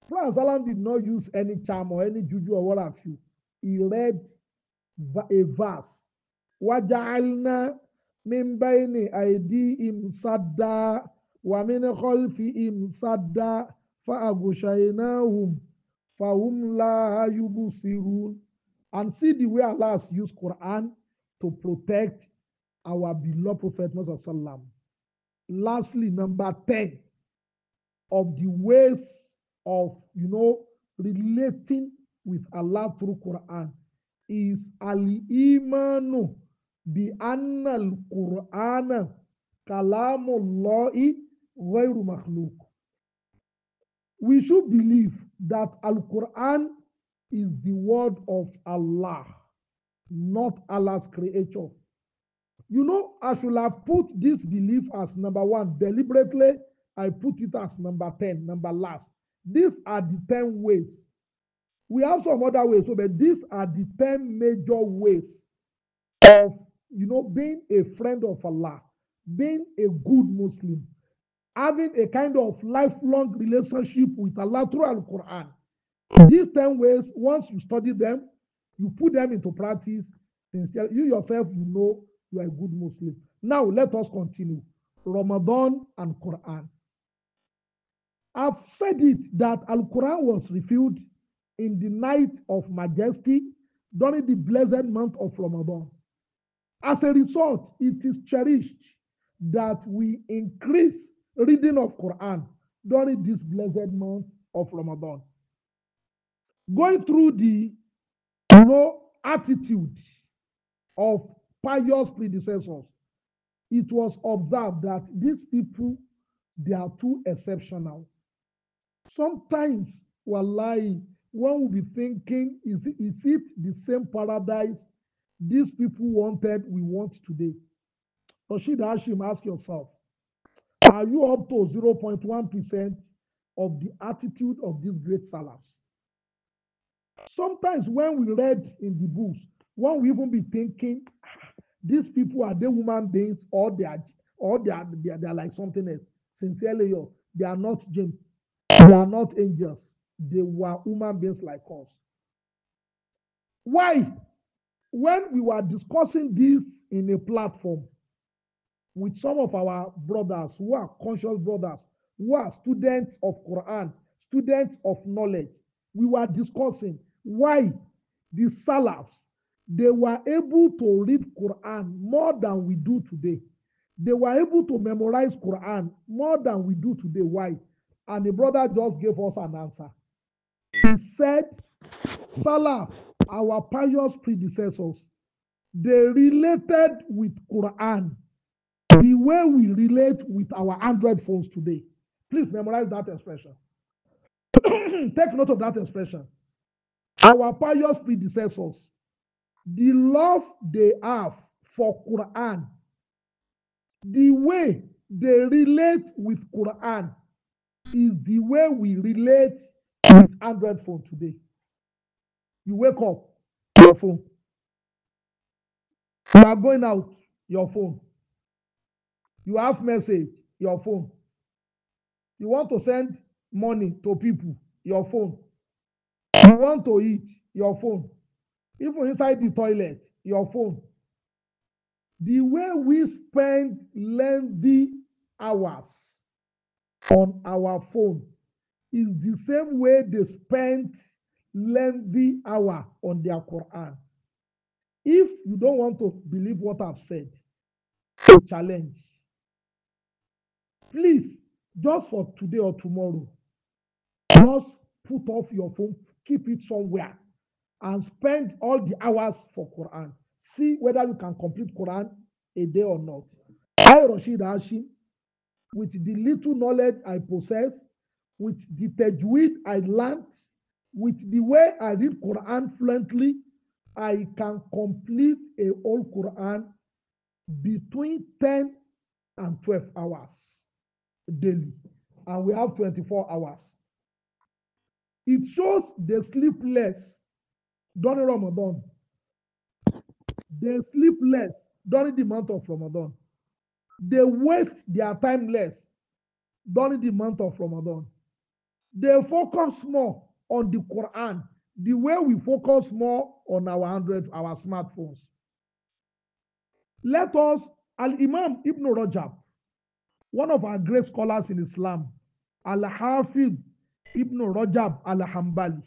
Prince Alan did not use any charm or any juju or what have you. He read a verse. وَجَعَلْنَا مِنْ بَيْنِ أَيْدِيهِمْ سَدًّا وَمِنْ خَلْفِهِمْ سَدًّا فَأَغْشَيْنَاهُمْ فَهُمْ لَا يُبْصِرُونَ And see the way Allah used Quran to protect our beloved Prophet Muhammad. Lastly, number 10 of the ways of, you know, relating with Allah through Quran is al-imanu bi anna al-Qur'ana kalamullahi ghayru makhluq. We should believe that Al-Quran is the word of Allah, not Allah's creature. You know, I should have put this belief as number one. Deliberately, I put it as number 10, number last. These are the 10 ways. We have some other ways, so, but these are the 10 major ways of, you know, being a friend of Allah, being a good Muslim, having a kind of lifelong relationship with Allah through Al Quran. These 10 ways, once you study them, you put them into practice, you yourself, you know you are a good Muslim. Now let us continue. Ramadan and Quran. I've said it that Al Quran was revealed in the night of majesty during the blessed month of Ramadan. As a result, it is cherished that we increase reading of Quran during this blessed month of Ramadan. Going through the you attitude of pious predecessors, it was observed that these people, they are too exceptional. Sometimes, wallahi, one will be thinking, is it, is it the same paradise these people wanted we want today? Rashid Hashim, ask yourself, are you up to 0.1% of the attitude of these great salafs? Sometimes when we read in the books, one will even be thinking, These people are they human beings or they are or they are they are, they are like something else. Sincerely, yo, they are not James. They are not angels. They were human beings like us. Why? When we were discussing this in a platform with some of our brothers who are conscious brothers, who are students of Quran, students of knowledge, we were discussing why the Salafs They were able to read Quran more than we do today. They were able to memorize Quran more than we do today. Why? And the brother just gave us an answer. He said, "Salah, our pious predecessors, they related with Quran the way we relate with our Android phones today. Please memorize that expression. (clears throat) Take note of that expression. Our pious predecessors, the love they have for Quran, the way they relate with Quran is the way we relate with Android phone today. You wake up, your phone. You are going out, your phone. You have message, your phone. You want to send money to people, your phone. You want to eat, your phone even inside the toilet your phone the way we spend lengthy hours on our phone is the same way they spend lengthy hour on their Quran. If you don't want to believe what I've said, so challenge. Please, just for today or tomorrow, just put off your phone, keep it somewhere and spend all the hours for Quran. See whether you can complete Quran a day or not. I, Rashid Hashim, with the little knowledge I possess, with the tajweed I learned, with the way I read Quran fluently, I can complete a whole Quran between 10 and 12 hours daily. And we have 24 hours. It shows the sleepless during Ramadan. They sleep less during the month of Ramadan. They waste their time less during the month of Ramadan. They focus more on the Quran the way we focus more on our hundred our smartphones. Let us Al Imam Ibn Rajab, one of our great scholars in Islam, Al Hafid Ibn Rajab Al Hambali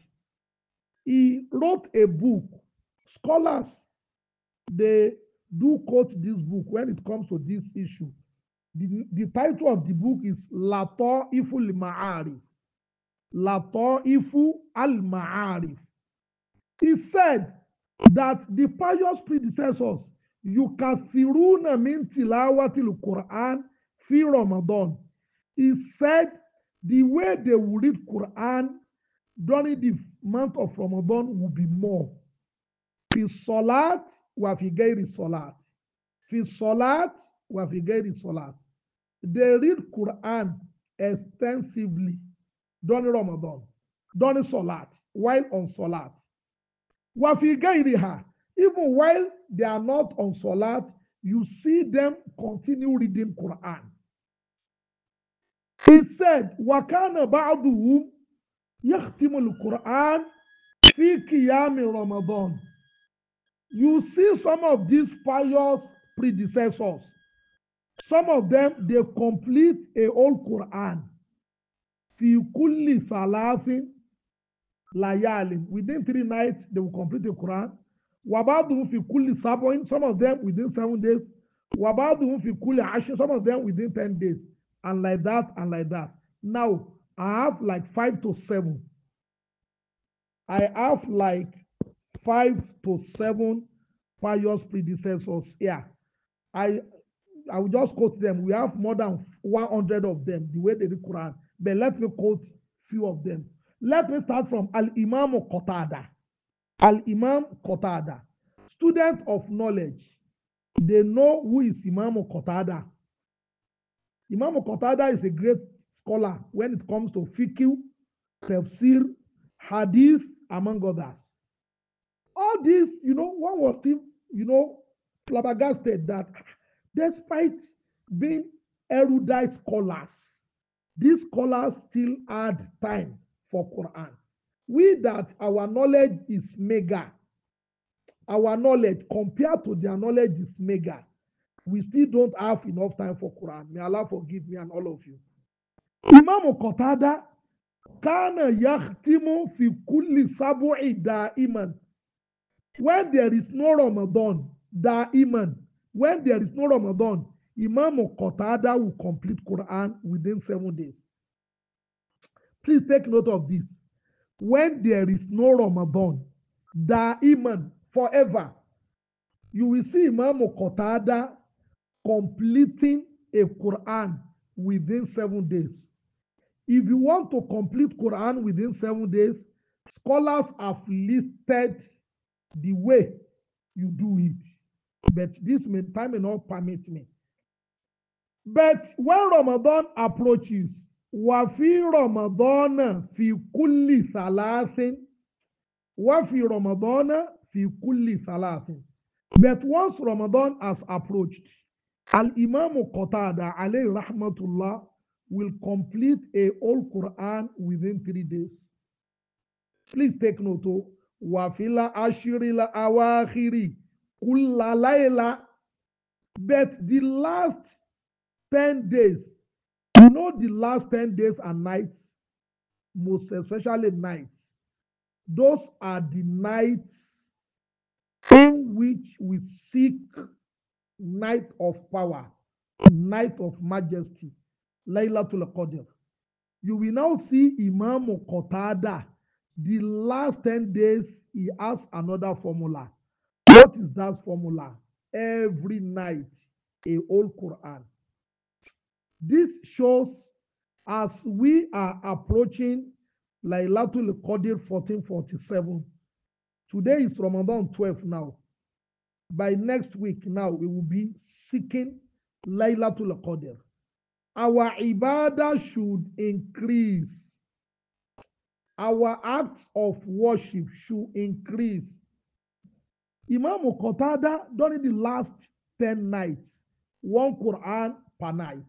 he wrote a book. Scholars, they do quote this book when it comes to this issue. The, the title of the book is Lato Ifu Al-Ma'arif. Lato Ifu Al-Ma'arif. He said that the pious predecessors, Yukafiruna min tilawatil Quran fi Ramadan. He said the way they would read Quran during the month of Ramadan will be more. Fi salat wa fi gairi salat. Fi salat wa fi gairi salat. They read Quran extensively during Ramadan, during salat, while on salat. Wa fi gairiha. Even while they are not on salat, you see them continue reading Quran. He said, Wakana ba'duhum yahtimul Quran fi kiyami Ramadan you see some of these pious predecessors some of them they complete a whole Quran fi kulli salafin layalin within three nights they will complete the Quran wabadu fi kulli sab'in some of them within seven days wabadu fi kulli ashin some of them within ten days and like that and like that now I have like five to seven. I have like five to seven pious predecessors here. I I will just quote them. We have more than 100 of them, the way they read Quran. But let me quote few of them. Let me start from Al Imam Qatada. Al Imam Qatada, student of knowledge. They know who is Imam Qatada. Imam Qatada is a great scholar when it comes to fiqh, tafsir, hadith, among others. All this, you know, one was still, you know, flabbergasted that despite being erudite scholars, these scholars still had time for Quran. We that our knowledge is mega, our knowledge compared to their knowledge is mega. We still don't have enough time for Quran. May Allah forgive me and all of you. Imam ìmáàmù kọ̀tádá kánà yàtìmù fìkúlì sábò ìdá iman when there is no Ramadan da iman when there is no Ramadan Imam kọ̀tádá will complete Quran within seven days please take note of this when there is no Ramadan da iman forever you will see Imam kọ̀tádá completing a Quran within seven days. If you want to complete Quran within seven days, scholars have listed the way you do it. But this may, time may not permit me. But when Ramadan approaches, وفي رمضان في كل ثلاث وفي Ramadan fi kulli ثلاث But once Ramadan has approached, Al-Imam Qatada alayhi rahmatullah will complete a whole Quran within three days. Please take note o. Oh. Wàfílà Ashirila Awahiri Kulalaila. But the last ten days, you know the last ten days and nights, most especially nights, those are the nights in which we seek night of power, night of majesty, Laylatul Qadr. You will now see Imam Qatada. The last 10 days, he has another formula. What is that formula? Every night, a whole Quran. This shows as we are approaching Laylatul Qadr 1447. Today is Ramadan 12 now by next week now we will be seeking Laylatul Qadr. Our ibadah should increase. Our acts of worship should increase. Imam Qatada during the last 10 nights, one Quran per night.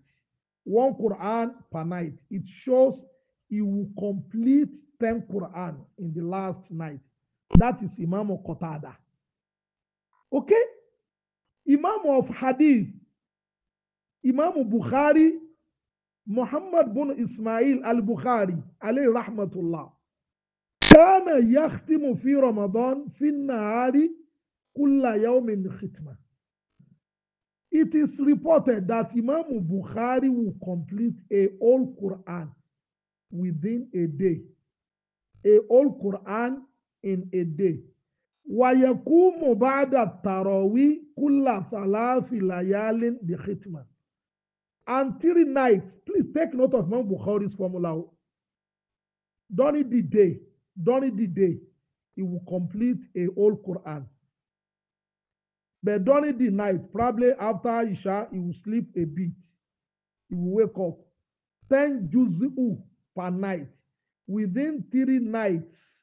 One Quran per night. It shows he will complete 10 Quran in the last night. That is Imam Qatada. Okay? Imam of Hadith, Imam Bukhari, Muhammad bin Ismail al-Bukhari, alayhi rahmatullah. كان يختم في رمضان في النهار كل يوم ختمة. It is reported that Imam Bukhari will complete a whole Quran within a day. A whole Quran in a day wàyẹ̀kúmù bàdà tàrọ̀wí kúlà fàlàfìlàyálé the hitman and three nights please take note of Imam Bukhari's formula during the day during the day he will complete a whole Quran but during the night probably after Isha he will sleep a bit he will wake up ten juzu per night within three nights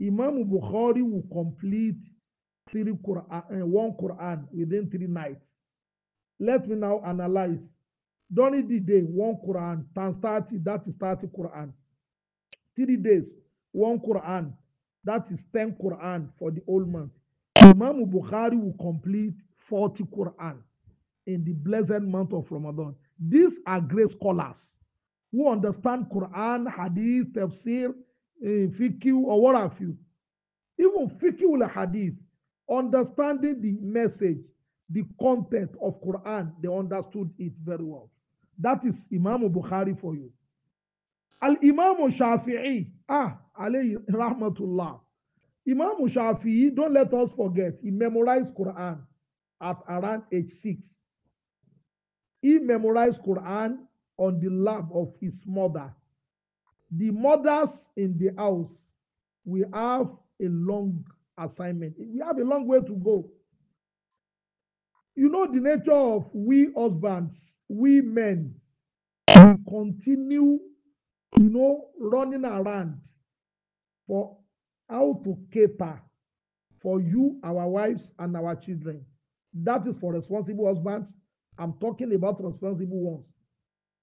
Imam Bukhari will complete three Quran, eh, one Quran within three nights. Let me now analyze. During the day, one Quran, times that is 30 Quran. Three days, one Quran, that is 10 Quran for the old month. Imam Bukhari will complete 40 Quran in the blessed month of Ramadan. These are great scholars who understand Quran, Hadith, Tafsir, fikiu or what have you. Even fikiu la hadith, understanding the message, the content of Quran, they understood it very well. That is Imam Bukhari for you. Al Imam Shafi'i, ah, alayhi rahmatullah. Imam Shafi'i, don't let us forget, he memorized Quran at around age six. He memorized Quran on the lap of his mother The mothers in the house, we have a long assignment. We have a long way to go. You know the nature of we husbands, we men, we continue, you know, running around for how to caper for you, our wives, and our children. That is for responsible husbands. I'm talking about responsible ones,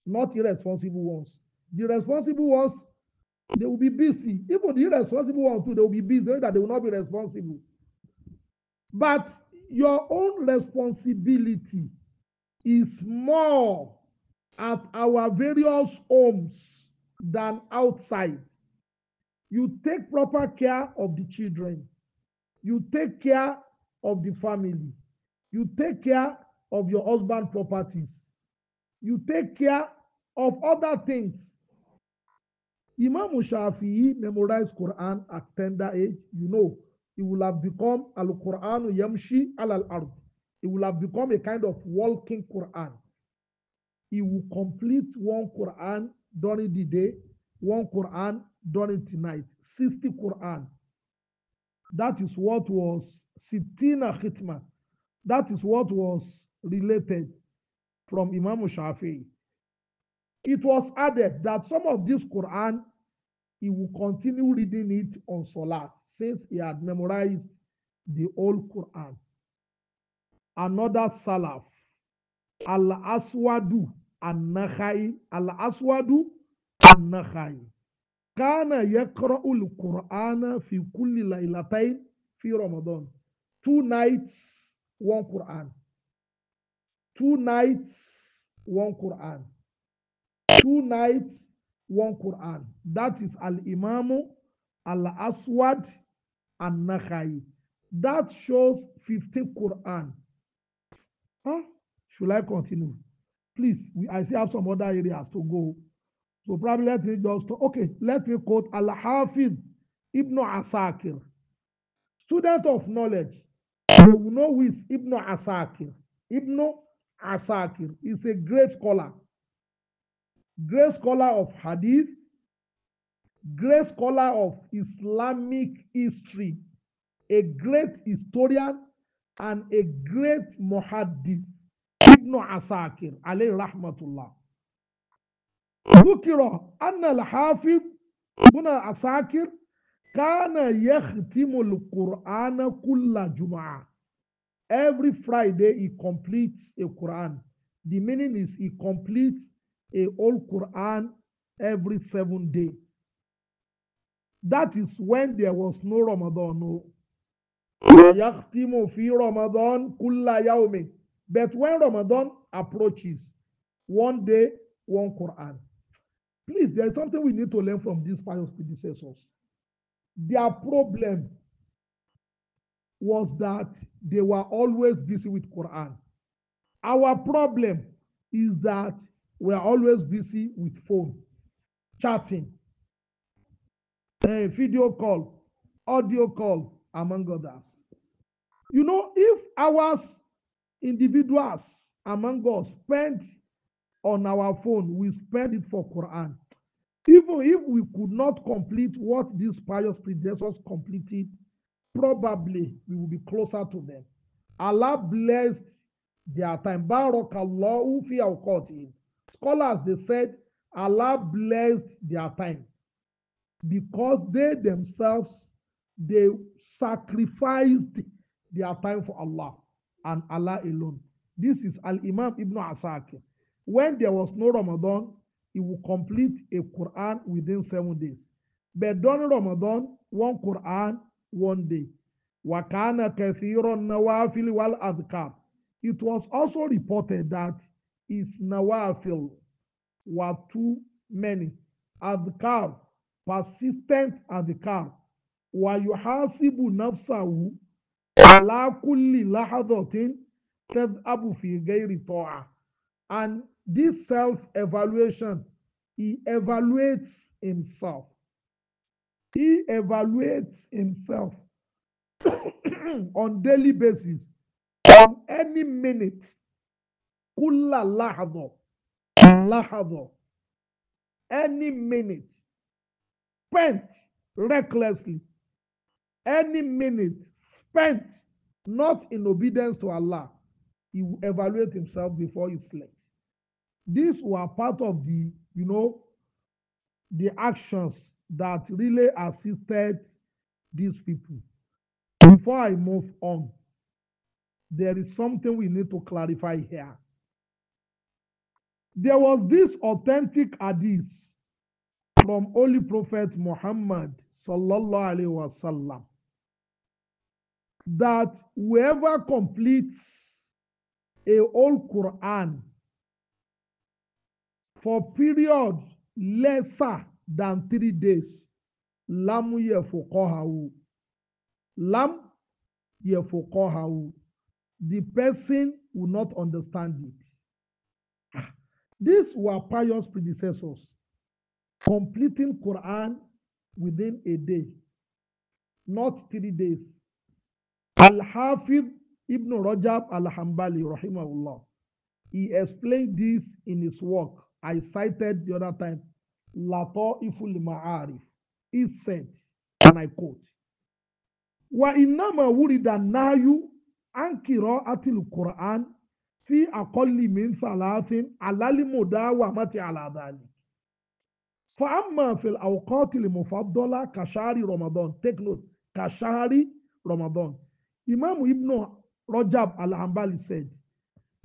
not irresponsible ones. The responsible ones, they will be busy. Even the irresponsible ones too, they will be busy, that they will not be responsible. But your own responsibility is more at our various homes than outside. You take proper care of the children. You take care of the family. You take care of your husband properties. You take care of other things Imam Shafi'i memorized Quran at tender age. You know, he will have become Al Quran Yamshi Al Al Ard. He will have become a kind of walking Quran. He will complete one Quran during the day, one Quran during the night, 60 Quran. That is what was Sitina Khitma. That is what was related from Imam Shafi'i. It was added that some of this Quran, he will continue reading it on Salat since he had memorized the whole Quran. Another Salaf, Al Aswadu An Nakhai, Al Aswadu An Nakhai. كان يقرأ القرآن fi kulli ليلتين fi Ramadan. Two nights, one Quran. Two nights, one Quran two nights one Quran that is al imamu al aswad and nakhai that shows fifty Quran huh? should I continue please we, I still have some other areas to go so probably let me just okay let me quote al hafid ibn asakir student of knowledge you know who is ibn asakir ibn asakir is a great scholar great scholar of hadith, great scholar of Islamic history, a great historian, and a great muhaddith, Ibn Asakir, alayhi rahmatullah. ذكر أن الحافظ ابن عساكر كان يختم القرآن كل جمعة. Every Friday he completes a Quran. The meaning is he completes a whole Quran every seven day. That is when there was no Ramadan. No. fi Ramadan kulla yaumin. But when Ramadan approaches, one day, one Quran. Please, there is something we need to learn from these pious predecessors. Their problem was that they were always busy with Quran. Our problem is that we are always busy with phone, chatting, uh, video call, audio call, among others. You know, if hours individuals among us spend on our phone, we spend it for Quran. Even if we could not complete what these pious predecessors completed, probably we will be closer to them. Allah blessed their time. Barakallahu fi awqatihim. Scholars, they said, Allah blessed their time because they themselves, they sacrificed their time for Allah and Allah alone. This is Al-Imam Ibn Asakir. When there was no Ramadan, he would complete a Quran within seven days. But during Ramadan, one Quran, one day. Wakana kathiron nawafil wal adhkar. It was also reported that is nawafil were too many. the Adhkar, persistent adhkar. Wa yuhasibu nafsahu ala kulli lahadatin tadhabu fi ghairi ta'a. And this self-evaluation, he evaluates himself. He evaluates himself (coughs) on daily basis, on any minute kúlà láhàbọ̀ láhàbọ̀ any minute spent recklessly any minute spent not in obedience to Allah he will evaluate himself before he slept these were part of the you know the actions that really assisted these people before I move on there is something we need to clarify here There was this authentic hadith from Holy Prophet Muhammad sallallahu alaihi wasallam that whoever completes a whole Quran for period lesser than three days, lam yefukohawu, lam yefukohawu, the person will not understand it. These were pious predecessors, completing Quran within a day, not three days. Al-Hafidh Ibn Rajab Al-Hambali, rahimahullah, he explained this in his work. I cited the other time, Iful Ma'arif. He said, and I quote, وإنما ورد النهي عن قراءة القرآن fi àkọ́lì mi ń sàlàáfín àlálìmọ̀dá wà mọ́tì àlàdàlì. fàámà fìl àwòkọ́tìlì mọ̀fàdọ́lá kàṣáárì Ramadan take note kàṣáárì Ramadan Imam Ibn Rajab al said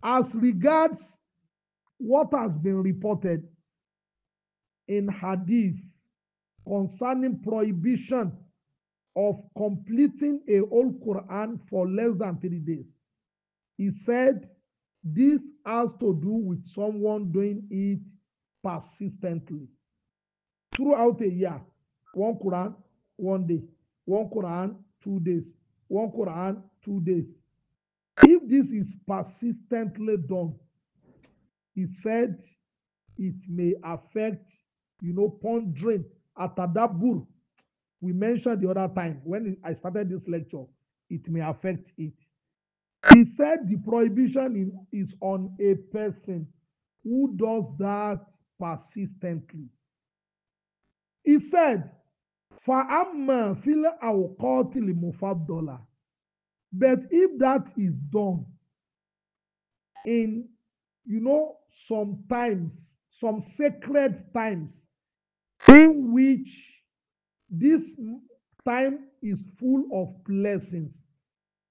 as regards what has been reported in hadith concerning prohibition of completing a whole Quran for less than three days. He said, This has to do with someone doing it persistently. Throughout a year, one Quran, one day, one Quran, two days, one Quran, two days. If this is persistently done, he said it may affect, you know, pondering at Adabur. We mentioned the other time when I started this lecture, it may affect it. He said the prohibition is on a person who does that persistently. He said, فَأَمَّا فِي الْأَوْقَاتِ الْمُفَضَّلَةِ But if that is done in, you know, sometimes, some sacred times in which this time is full of blessings,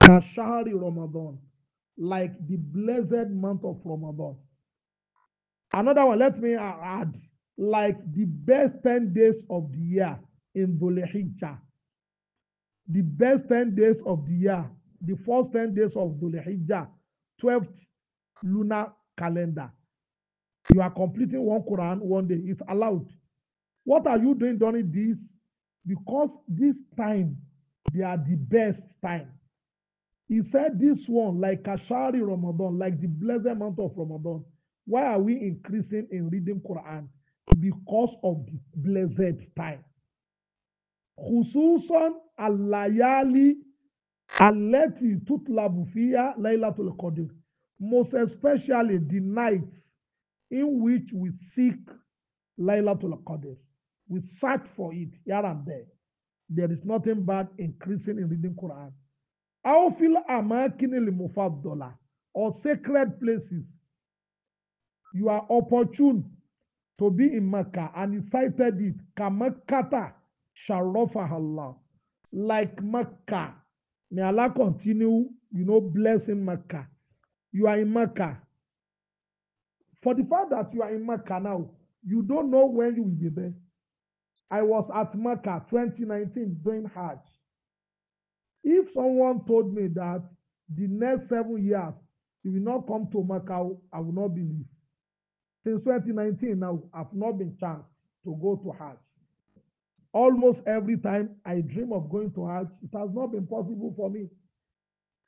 Kashari Ramadan, like the blessed month of Ramadan. Another one, let me add, like the best 10 days of the year in Dhul-Hijjah. The best 10 days of the year, the first 10 days of Dhul-Hijjah, 12th lunar calendar. You are completing one Quran one day. It's allowed. What are you doing during this? Because this time, they are the best time. He said, This one, like Kashari Ramadan, like the blessed month of Ramadan, why are we increasing in reading Quran? Because of the blessed time. خصوصا الليالي التي تطلب فيها ليلة القدر most especially the nights in which we seek Laylatul Qadr. We search for it here and there. There is nothing bad increasing in reading Quran. Aufil amakinil mufaddola or sacred places. You are opportune to be in Mecca and he cited it. Kamakata sharafah Allah. Like Mecca. May Allah continue, you know, blessing Mecca. You are in Mecca. For the fact that you are in Mecca now, you don't know when you will be there. I was at Mecca 2019 doing Hajj if someone told me that the next seven years you will not come to Macau I would not believe since 2019 now I've not been chanced to go to Hajj almost every time I dream of going to Hajj it has not been possible for me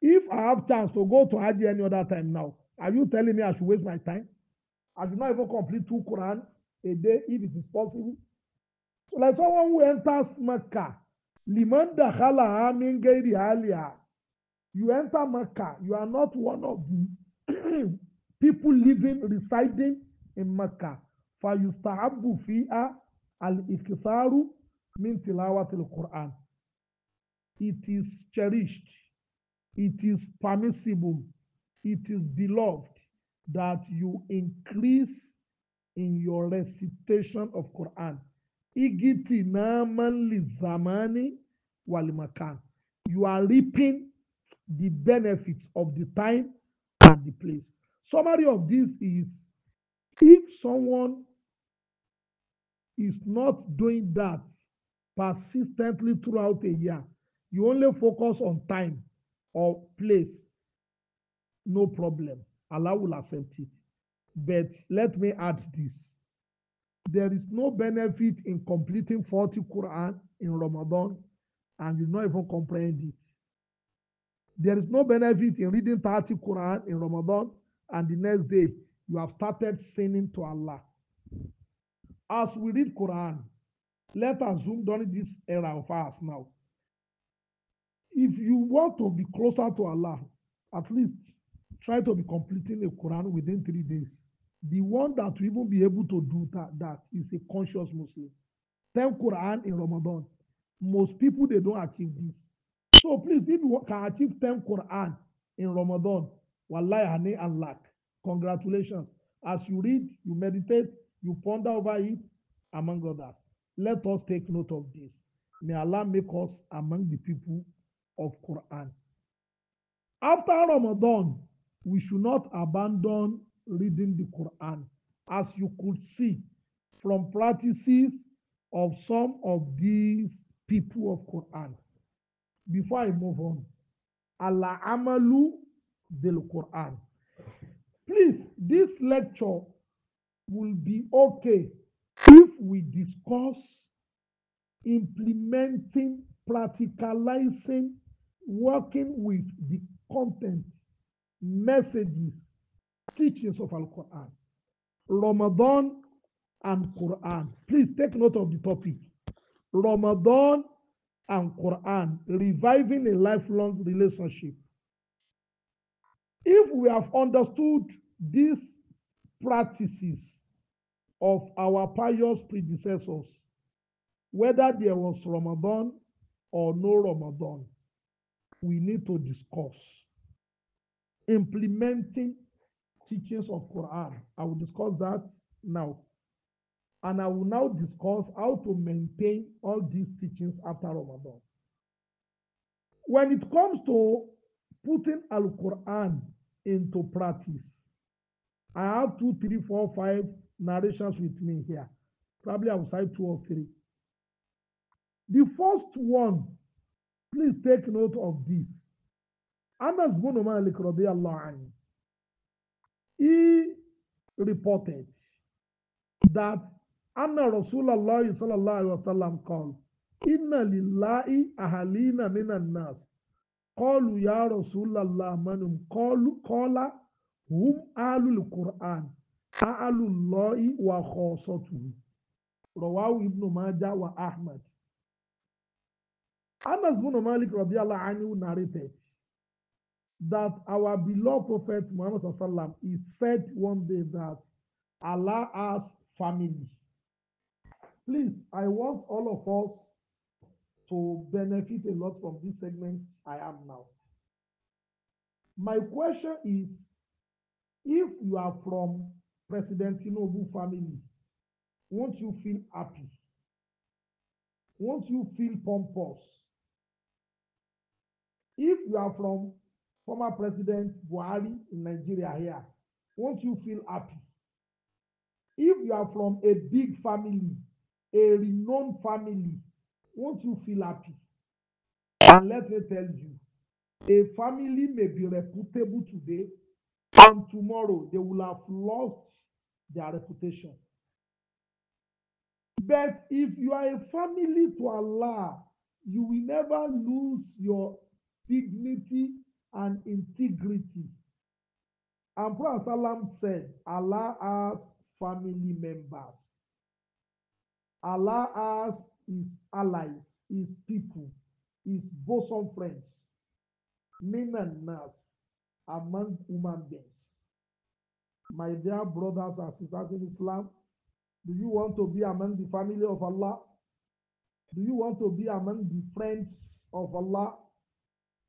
if I have chance to go to Hajj any other time now are you telling me I should waste my time I should not even complete two Quran a day if it is possible so like someone who enters Mecca Liman dakhala min alia, You enter Makkah. you are not one of the (clears throat) people living, residing in Makkah. For you, Mecca. فيستحب فيها الاكثار من تلاوة Qur'an. It is cherished, it is permissible, it is beloved that you increase in your recitation of Quran. Igiti namanli zamani walimakan. You are reaping the benefits of the time and the place. Summary of this is if someone is not doing that persistently throughout a year, you only focus on time or place, no problem. Allah will accept it. But let me add this. There is no benefit in completing 40 Quran in Ramadan and you not even comprehend it. There is no benefit in reading 30 Quran in Ramadan and the next day you have started sinning to Allah. As we read Quran, let us zoom during this era of ours now. If you want to be closer to Allah, at least try to be completing the Quran within three days. The one that will even be able to do that, that is a conscious Muslim. Then Quran in Ramadan. Most people they don't achieve this. So please, if you can achieve ten Quran in Ramadan, wallahi honey and lack. Congratulations. As you read, you meditate, you ponder over it, among others. Let us take note of this. May Allah make us among the people of Quran. After Ramadan, we should not abandon reading the Quran, as you could see from practices of some of these people of Quran. Before I move on, Allah Amalu del Quran. Please, this lecture will be okay if we discuss implementing, practicalizing, working with the content, messages, teachings of Al Quran. Ramadan and Quran. Please take note of the topic. Ramadan and Quran, reviving a lifelong relationship. If we have understood these practices of our pious predecessors, whether there was Ramadan or no Ramadan, we need to discuss implementing teachings of Quran. I will discuss that now. And I will now discuss how to maintain all these teachings after Ramadan. When it comes to putting Al Quran into practice, I have two, three, four, five narrations with me here. Probably I will cite two or three. The first one, please take note of this. Anas bin Malik radiyallahu anhu he reported that anna rasulallah sallallahu alaihi wasallam called inna lillahi ahalina minan nas qalu ya rasulallah manum qalu qala hum alul qur'an aalullahi wa khosatu. rawahu ibnu majah wa ahmad anas bin malik radiyallahu anhu narrated that our beloved Prophet Muhammad Sallam, he said one day that Allah has family. Please, I want all of us to benefit a lot from this segment I am now. My question is if you are from President Tinubu family, won't you feel happy? Won't you feel pompous? If you are from former President Buhari in Nigeria here, won't you feel happy? If you are from a big family, a renowned family, won't you feel happy? And let me tell you, a family may be reputable today, and tomorrow they will have lost their reputation. But if you are a family to Allah, you will never lose your dignity and integrity. And Prophet Salam said, Allah has family members. Allah has his allies, his people, his bosom friends, men and nas among human beings. My dear brothers and sisters in Islam, do you want to be among the family of Allah? Do you want to be among the friends of Allah?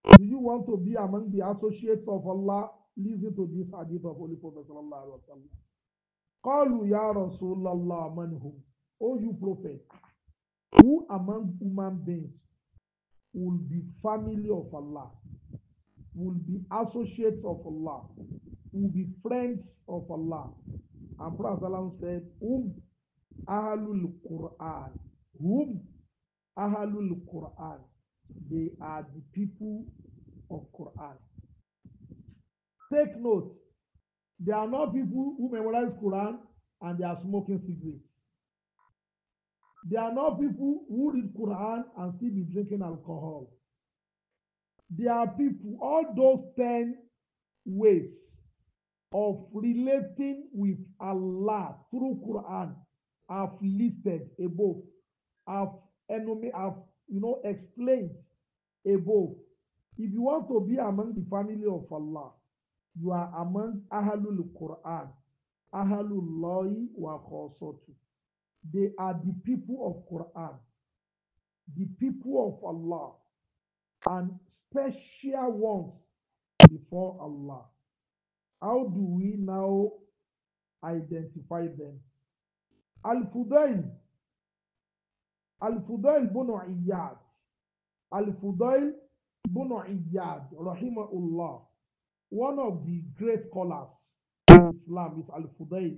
Do you want to be among the associates of Allah? Listen to this hadith of Holy Prophet sallallahu alaihi wasallam. Qalu ya Rasulallah manhum. O you prophet, who among human beings will be family of Allah, will be associates of Allah, will be friends of Allah? And Prophet sallam said, Um ahlul Quran. Whom ahlul Quran. They are the people of Quran. Take note, they are not people who memorize Quran and they are smoking cigarettes. They are not people who read Quran and still be drinking alcohol. They are people, all those ten ways of relating with Allah through Quran have listed above, have enemy have you know, explained above, if you want to be among the family of Allah, you are among Ahlul Quran, Ahlul Lahi wa Khosatu. They are the people of Quran, the people of Allah, and special ones before Allah. How do we now identify them? Al-Fudayn Al-Fudail alifudail bono iyad alifudail bin iyad rahimahullah one of the great scholars in Islam is al alifudail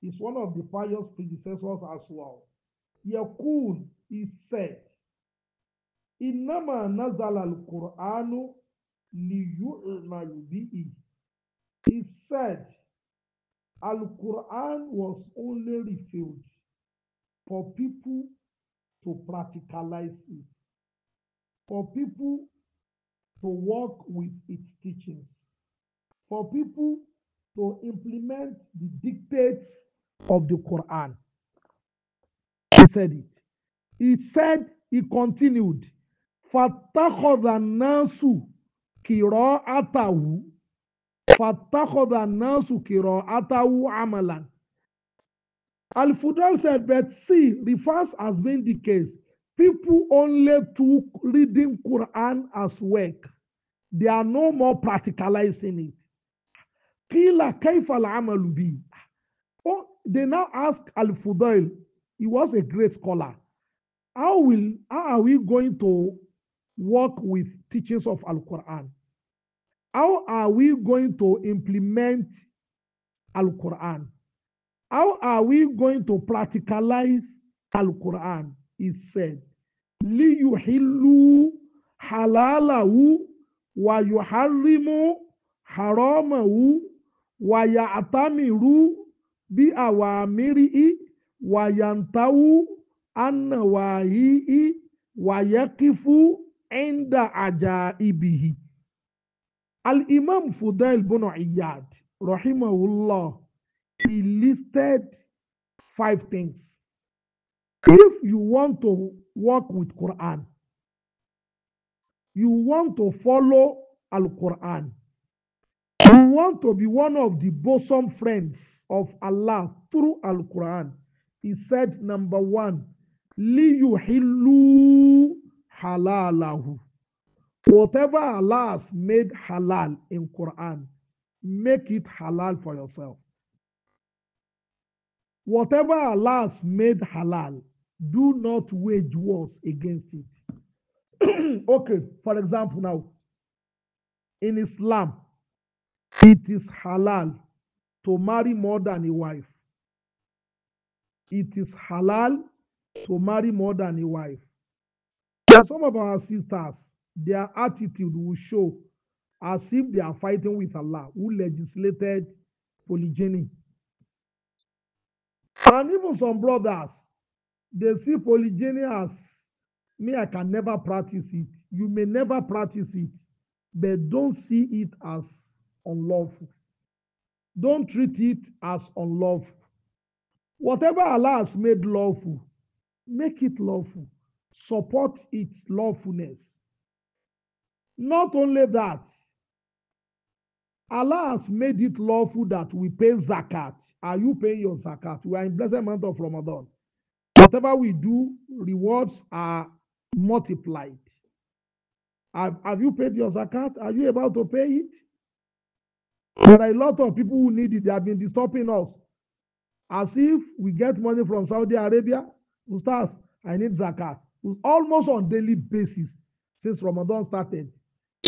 He's one of the pious predecessors as well yakul he said inama nazala al-Qur'anu liyu'malu bihi he said Al-Quran was only revealed for people to practicalize it, for people to work with its teachings, for people to implement the dictates of the Quran. He said it. He said, he continued, Fatahoda Nasu Kiro Atawu. Fatahoda Nasu Kiro Atawu Amalan. Al Fudal said, but see, the first has been the case. People only took reading Quran as work. They are no more practicalizing it. Oh, they now ask Al-Fudail, he was a great scholar. How will how are we going to work with teachings of Al-Quran? How are we going to implement Al-Quran? How are we going to practicalize Al Quran? He said, "Li halalahu wa لِيُحِلُّوا حَلَالَهُ وَيُحَرِّمُوا حَرَامَهُ وَيَعْتَمِرُوا بِأَوَامِرِهِ وَيَنْتَهُوا عَنْ wa yakifu عِنْدَ عَجَائِبِهِ. Al Imam Fudail bin Iyad, rahimahullah he listed five things. If you want to work with Quran, you want to follow Al Quran, you want to be one of the bosom friends of Allah through Al Quran, he said, number one, liyuhillu halalahu. Whatever Allah has made halal in Quran, make it halal for yourself. Whatever Allah has made halal, do not wage wars against it. (clears throat) okay, for example, now in Islam, it is halal to marry more than a wife. It is halal to marry more than a wife. But some of our sisters, their attitude will show as if they are fighting with Allah, who legislated polygyny. And even some brothers, they see polygyny as me, I can never practice it. You may never practice it, but don't see it as unlawful. Don't treat it as unlawful. Whatever Allah has made lawful, make it lawful. Support its lawfulness. Not only that, Allah has made it lawful that we pay zakat. Are you paying your zakat? We are in blessed month of Ramadan. Whatever we do, rewards are multiplied. Have, have you paid your zakat? Are you about to pay it? There are a lot of people who need it. They have been disturbing us. As if we get money from Saudi Arabia, Ustaz, I need zakat. Almost on daily basis since Ramadan started.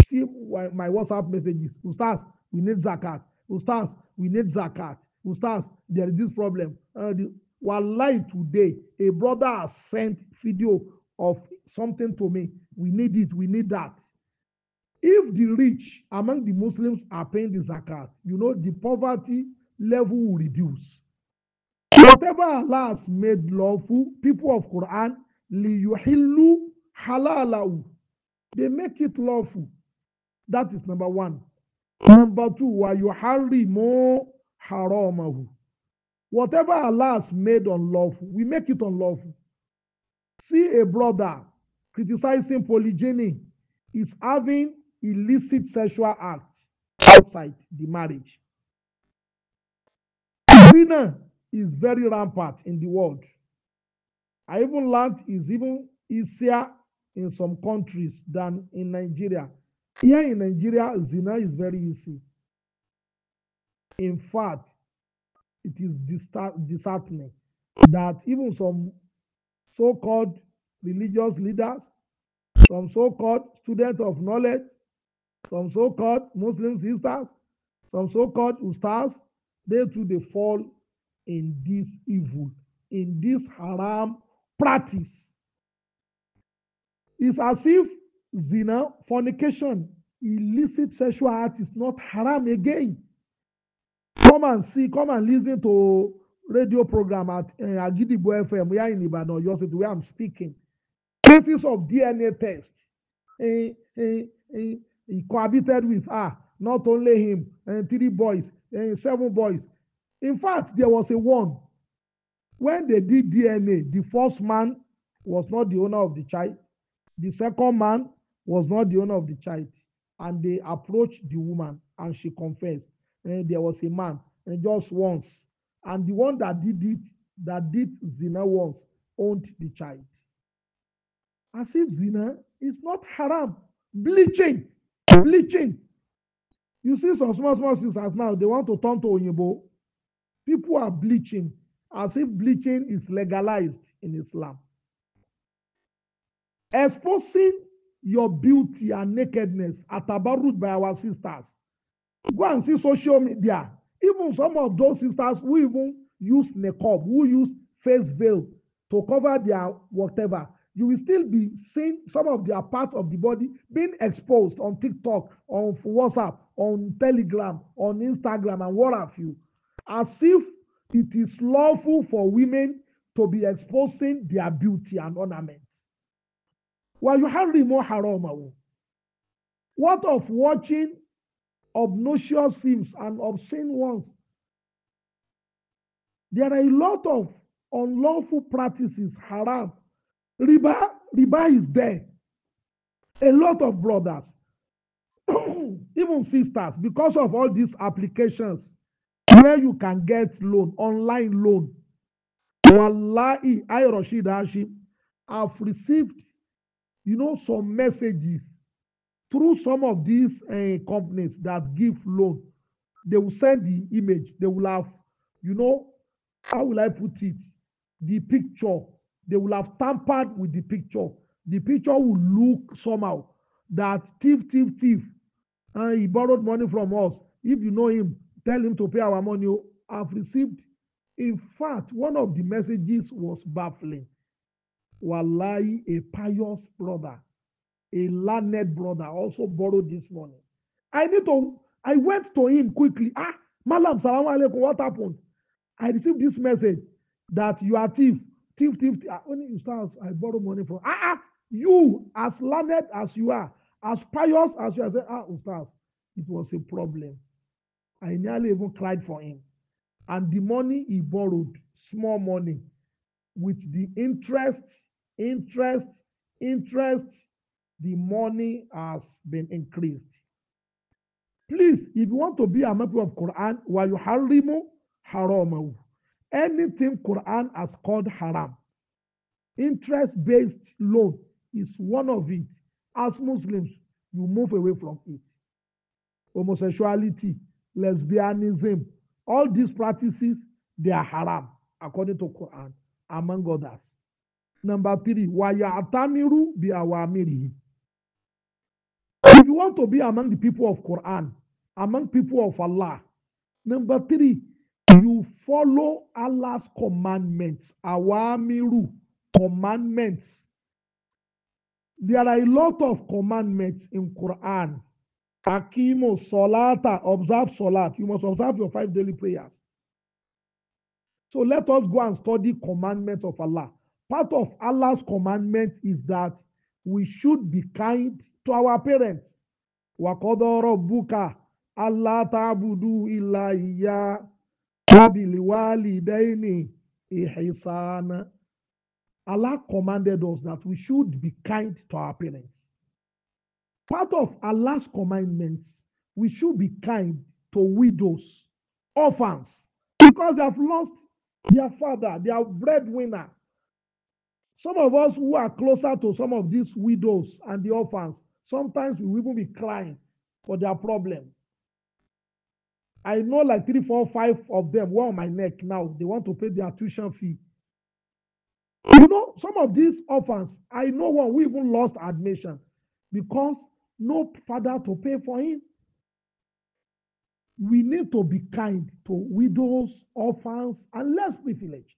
See my WhatsApp messages. Ustaz, we need zakat ustaz we need zakat ustaz there is this problem uh, the, wallahi today a brother has sent video of something to me we need it we need that if the rich among the muslims are paying the zakat you know the poverty level will reduce whatever allah has made lawful people of quran liyuhillu halalahu they make it lawful that is number one Number two, why you hardly more haramahu. Whatever Allah has made unlawful, we make it unlawful. See a brother criticizing polygyny is having illicit sexual act outside the marriage. Zina is very rampant in the world. I even learned it's even easier in some countries than in Nigeria Here in Nigeria, zina is very easy. In fact, it is disheartening that even some so-called religious leaders, some so-called students of knowledge, some so-called Muslim sisters, some so-called ustas, they too they fall in this evil, in this haram practice. It's as if zina fornication illicit sexual act is not haram again come and see come and listen to radio program at uh, Agidigbo FM here in Ibadan Oyo State where I'm speaking cases of DNA test eh, eh, he cohabited with her not only him uh, three boys uh, seven boys in fact there was a one when they did DNA the first man was not the owner of the child the second man was not the owner of the child. And they approached the woman and she confessed. And eh, there was a man, and eh, just once. And the one that did it, that did Zina once, owned the child. As if Zina is not haram. Bleaching. Bleaching. You see some small, small sisters now, they want to turn to Oyinbo. People are bleaching as if bleaching is legalized in Islam. Exposing your beauty and nakedness at Atabarut by our sisters. Go and see social media. Even some of those sisters who even use niqab, who use face veil to cover their whatever, you will still be seeing some of their parts of the body being exposed on TikTok, on WhatsApp, on Telegram, on Instagram, and what have you. As if it is lawful for women to be exposing their beauty and ornament wa yuharrimu haramahu. What of watching obnoxious films and obscene ones? There are a lot of unlawful practices, haram. Riba, riba is there. A lot of brothers, (clears throat) even sisters, because of all these applications where you can get loan, online loan. Wallahi, I Rashid Hashim, have received you know, some messages through some of these uh, companies that give loan. They will send the image. They will have, you know, how will I put it? The picture. They will have tampered with the picture. The picture will look somehow that thief, thief, thief. Uh, he borrowed money from us. If you know him, tell him to pay our money. I've received. In fact, one of the messages was baffling. Wallahi, a pious brother, a learned brother, also borrowed this money. I need to, I went to him quickly. Ah, Malam, salam alaikum, what happened? I received this message that you are thief, thief, thief. thief. Ah, only instance I borrow money from. Ah, ah, you, as learned as you are, as pious as you are, say, ah, Ustaz, it was a problem. I nearly even cried for him. And the money he borrowed, small money, with the interests interest interest the money has been increased. Please, if you want to be a member of Quran, while you harimu haramahu, anything Quran has called haram, interest-based loan is one of it. As Muslims, you move away from it. Homosexuality, lesbianism, all these practices, they are haram according to Quran, among others. Number three, wàyà àtàmírú bí àwọn àmìrì. If you want to be among the people of Quran, among people of Allah, number three, you follow Allah's commandments, awamiru, commandments. There are a lot of commandments in Quran. Akimo, Salata, observe Salat. You must observe your five daily prayers. So let us go and study commandments of Allah. Part of Allah's commandment is that we should be kind to our parents. وَقَضَى Allah tabudu illa إِلَّا إِيَّاهُ وَبِالْوَالِدَيْنِ إِحْسَانًا Allah commanded us that we should be kind to our parents. Part of Allah's commandments, we should be kind to widows, orphans, because they have lost their father, their breadwinner. Some of us who are closer to some of these widows and the orphans, sometimes we will even be crying for their problem. I know like three, four, five of them were on my neck now. They want to pay their tuition fee. You know, some of these orphans, I know one, we even lost admission because no father to pay for him. We need to be kind to widows, orphans, and less privileged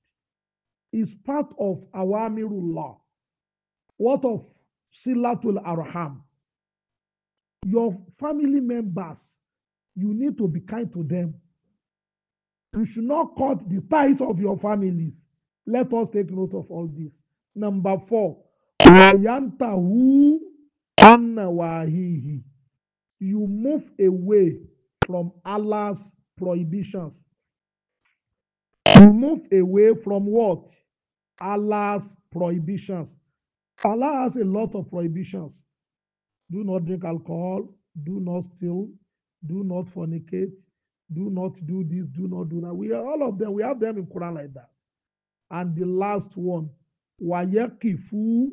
is part of awamirullah. What of silatul arham? Your family members, you need to be kind to them. You should not cut the ties of your families. Let us take note of all this. Number four, You move away from Allah's prohibitions. You move away from what? Allah's prohibitions. Allah has a lot of prohibitions. Do not drink alcohol, do not steal, do not fornicate, do not do this, do not do that. We are all of them, we have them in Quran like that. And the last one, Wayekifu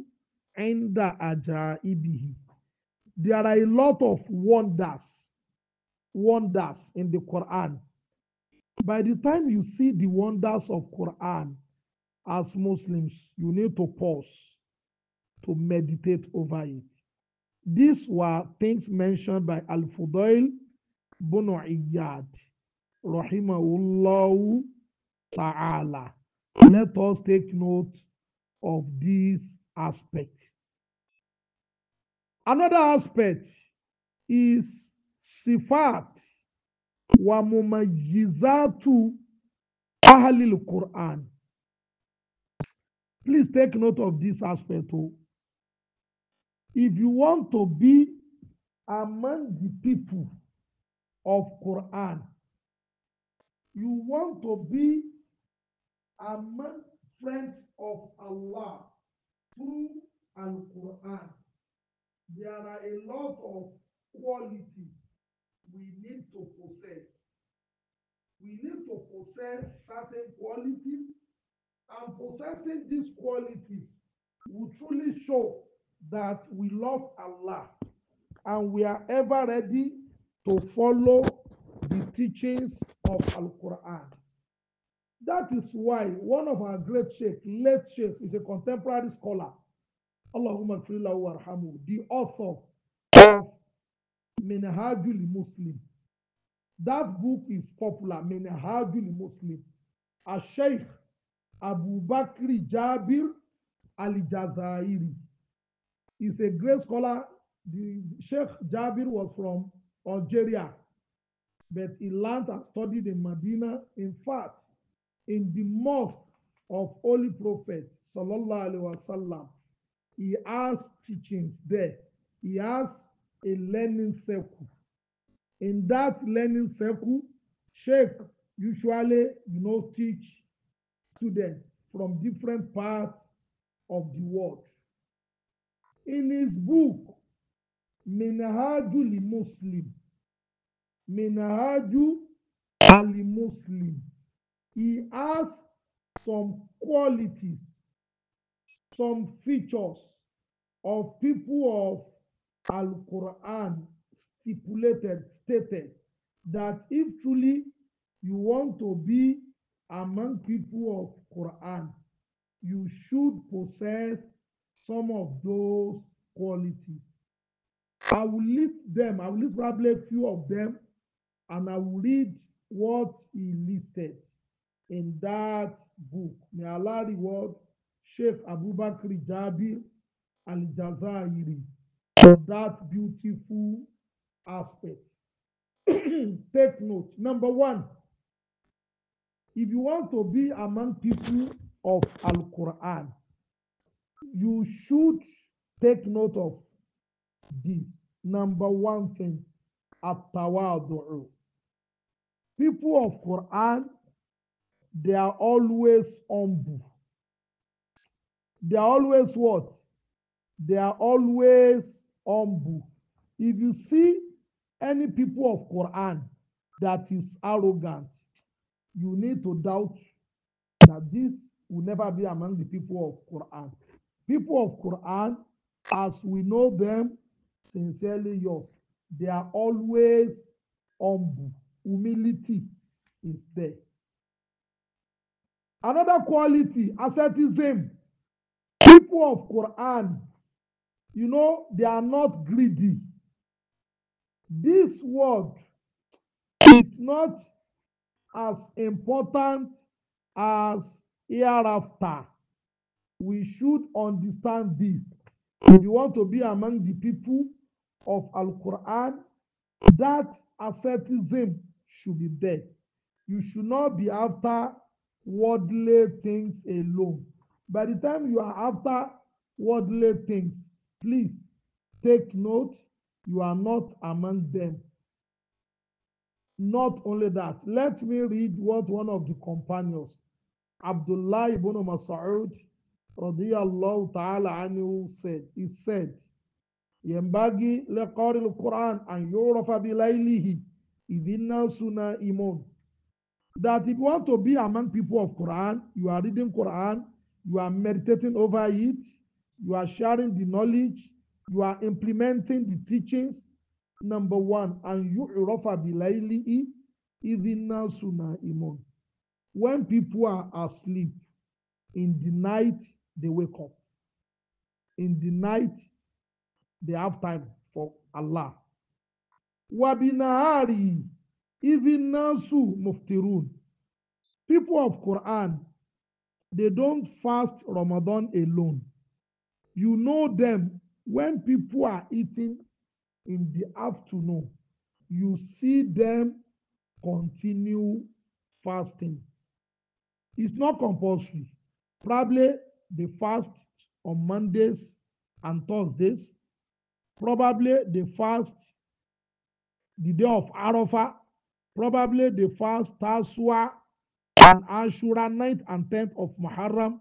Enda Aja Ibihi. There are a lot of wonders, wonders in the Quran. By the time you see the wonders of Quran, as Muslims, you need to pause to meditate over it. These were things mentioned by Al Fudail bin Iyad, rahimahullah ta'ala. Let us take note of this aspect. Another aspect is sifat wa mumayizatu ahlil Quran. Please take note of this aspect too. Oh. If you want to be among the people of Quran, you want to be among friends of Allah through Al Quran. There are a lot of qualities we need to possess. We need to possess certain qualities and possessing these qualities will truly show that we love Allah and we are ever ready to follow the teachings of Al Quran. That is why one of our great sheikh, late sheikh, is a contemporary scholar, Allahumma arhamu, the author of Minhajul Muslim. That book is popular, Minhajul Muslim. A sheikh Abubakri Jabir Al-Jazairi. He's a great scholar. The Sheikh Jabir was from Algeria, but he learned and studied in Medina. In fact, in the mosque of Holy Prophet, Sallallahu Alaihi Wasallam, he has teachings there. He has a learning circle. In that learning circle, Sheikh usually, you know, teach students from different parts of the world. In his book, li Muslim, Minhajul Ali Muslim, he has some qualities, some features of people of Al Quran stipulated, stated that if truly you want to be among people of Quran, you should possess some of those qualities. I will list them, I will list probably a few of them, and I will read what he listed in that book. May Allah reward Sheikh Abubakar Jabir Al Jazairi for that beautiful aspect. (clears throat) Take note. Number one. If you want to be among people of Al Quran, you should take note of this. Number one thing, at-tawadu'u. People of Quran, they are always humble. They are always what? They are always humble. If you see any people of Quran that is arrogant, you need to doubt that this will never be among the people of Quran. People of Quran, as we know them, sincerely yours, they are always humble. Humility is there. Another quality, asceticism. People of Quran, you know, they are not greedy. This word is not as important as hereafter. We should understand this. If you want to be among the people of Al Quran, that asceticism should be there. You should not be after worldly things alone. By the time you are after worldly things, please take note you are not among them. Not only that, let me read what one of the companions, Abdullah ibn Mas'ud, radiyallahu ta'ala anhu, said. He said, ينبغي لقارئ القرآن أن يعرف بليله إذ الناس نائمون that if you want to be among people of Quran, you are reading Quran, you are meditating over it, you are sharing the knowledge, you are implementing the teachings, number one and you bilaili idinasuna imon when people are asleep in the night they wake up in the night they have time for allah wabinahari idinasu muftirun people of quran they don't fast ramadan alone you know them when people are eating in the afternoon, you see them continue fasting. It's not compulsory. Probably they fast on Mondays and Thursdays. Probably they fast the day of Arafah. Probably they fast Taswa and Ashura 9th and 10th of Muharram.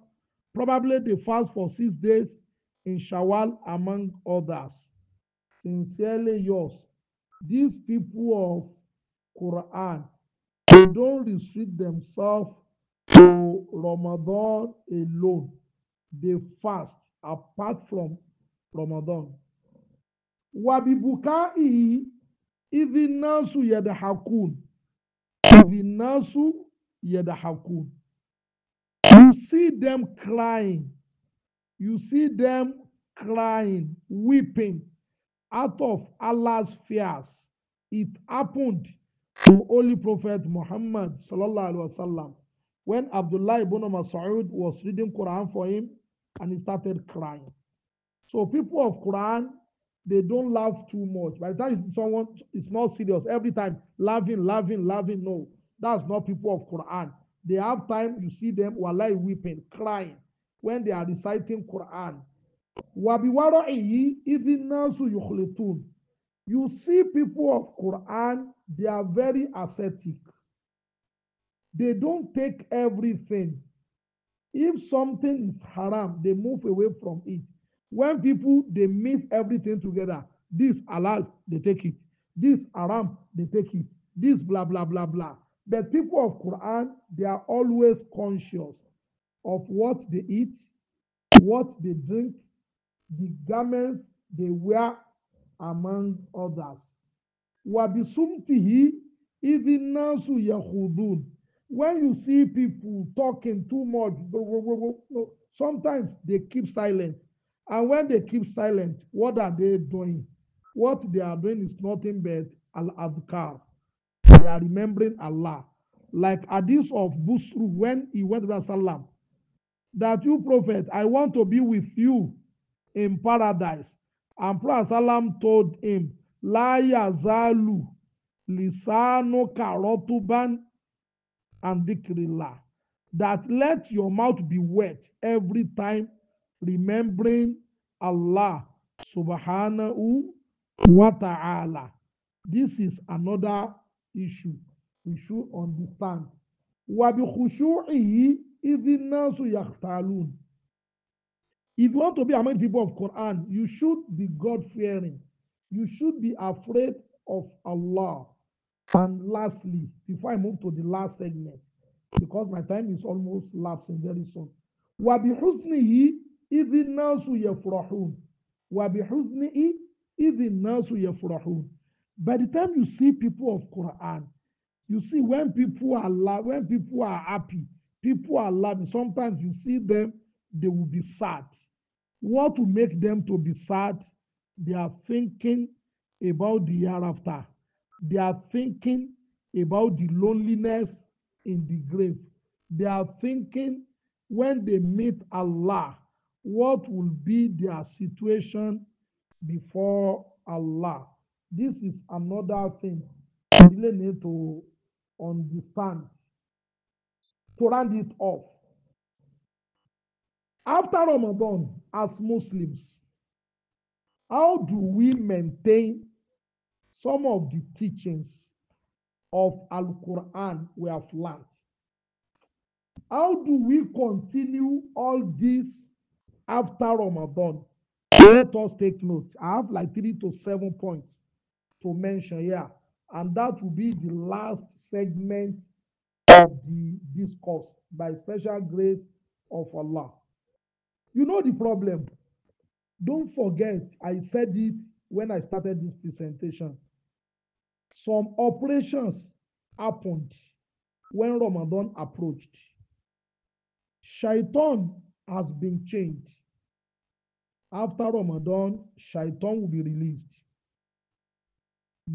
Probably they fast for six days in Shawwal, among others sincerely yours these people of Quran they don't restrict themselves to Ramadan alone they fast apart from Ramadan wabibukai idinasu yadahakun idinasu yadahakun you see them crying you see them crying weeping out of Allah's fears, it happened to Holy Prophet Muhammad sallallahu alaihi wasallam when Abdullah ibn Mas'ud was reading Quran for him and he started crying. So people of Quran, they don't laugh too much. By the time someone is not serious, every time laughing, laughing, laughing. No, that's not people of Quran. They have time, you see them, wallahi weeping, crying when they are reciting Quran. Wabiwaro Iyi Idinasu Yukhletun. You see people of Quran, they are very ascetic. They don't take everything. If something is haram, they move away from it. When people they mix everything together, this halal, they take it. This haram, they take it. This blah blah blah blah. But people of Quran, they are always conscious of what they eat, what they drink, the garments they wear among others. Wabisumtihi idinasu yahudun. When you see people talking too much, sometimes they keep silent. And when they keep silent, what are they doing? What they are doing is nothing but al-adhkar. They are remembering Allah. Like hadith of Busru when he went to Salam, that you prophet, I want to be with you in paradise. And Prophet told him, La yazalu lisanu karotuban and dikrila. That let your mouth be wet every time remembering Allah subhanahu wa ta'ala. This is another issue we should understand. Wabi khushu'ihi idhi nasu yaqtalun. If you want to be among the people of Quran, you should be God-fearing. You should be afraid of Allah. And lastly, before I move to the last segment, because my time is almost lapsing very soon. وَبِحُسْنِهِ إِذِ النَّاسُ يَفْرَحُونَ وَبِحُسْنِهِ إِذِ النَّاسُ يَفْرَحُونَ By the time you see people of Quran, you see when people are la- when people are happy, people are laughing. Sometimes you see them, they will be sad. What will make them to be sad? They are thinking about the year after. They are thinking about the loneliness in the grave. They are thinking when they meet Allah, what will be their situation before Allah? This is another thing we really need to understand to round it off. After Ramadan, as Muslims? How do we maintain some of the teachings of Al Quran we have learned? How do we continue all this after Ramadan? Let us take note. I have like three to seven points to mention here, and that will be the last segment of the discourse by special grace of Allah. You know the problem. Don't forget, I said it when I started this presentation. Some operations happened when Ramadan approached. Shaitan has been changed. After Ramadan, Shaitan will be released.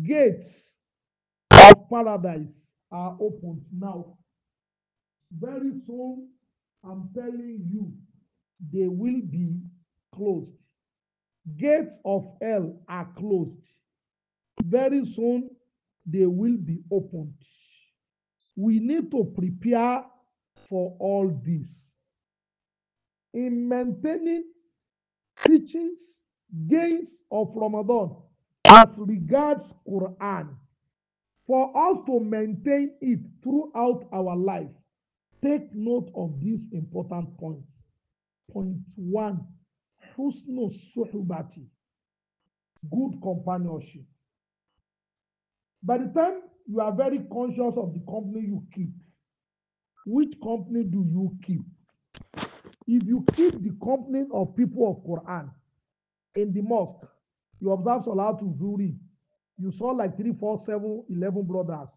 Gates of paradise are opened now. Very soon, I'm telling you, they will be closed. Gates of hell are closed. Very soon, they will be opened. We need to prepare for all this. In maintaining teachings, gains of Ramadan as regards Quran, for us to maintain it throughout our life, take note of these important points point one husnu suhubati good companionship by the time you are very conscious of the company you keep which company do you keep if you keep the company of people of Quran in the mosque you observe to Zuri you saw like three four seven eleven brothers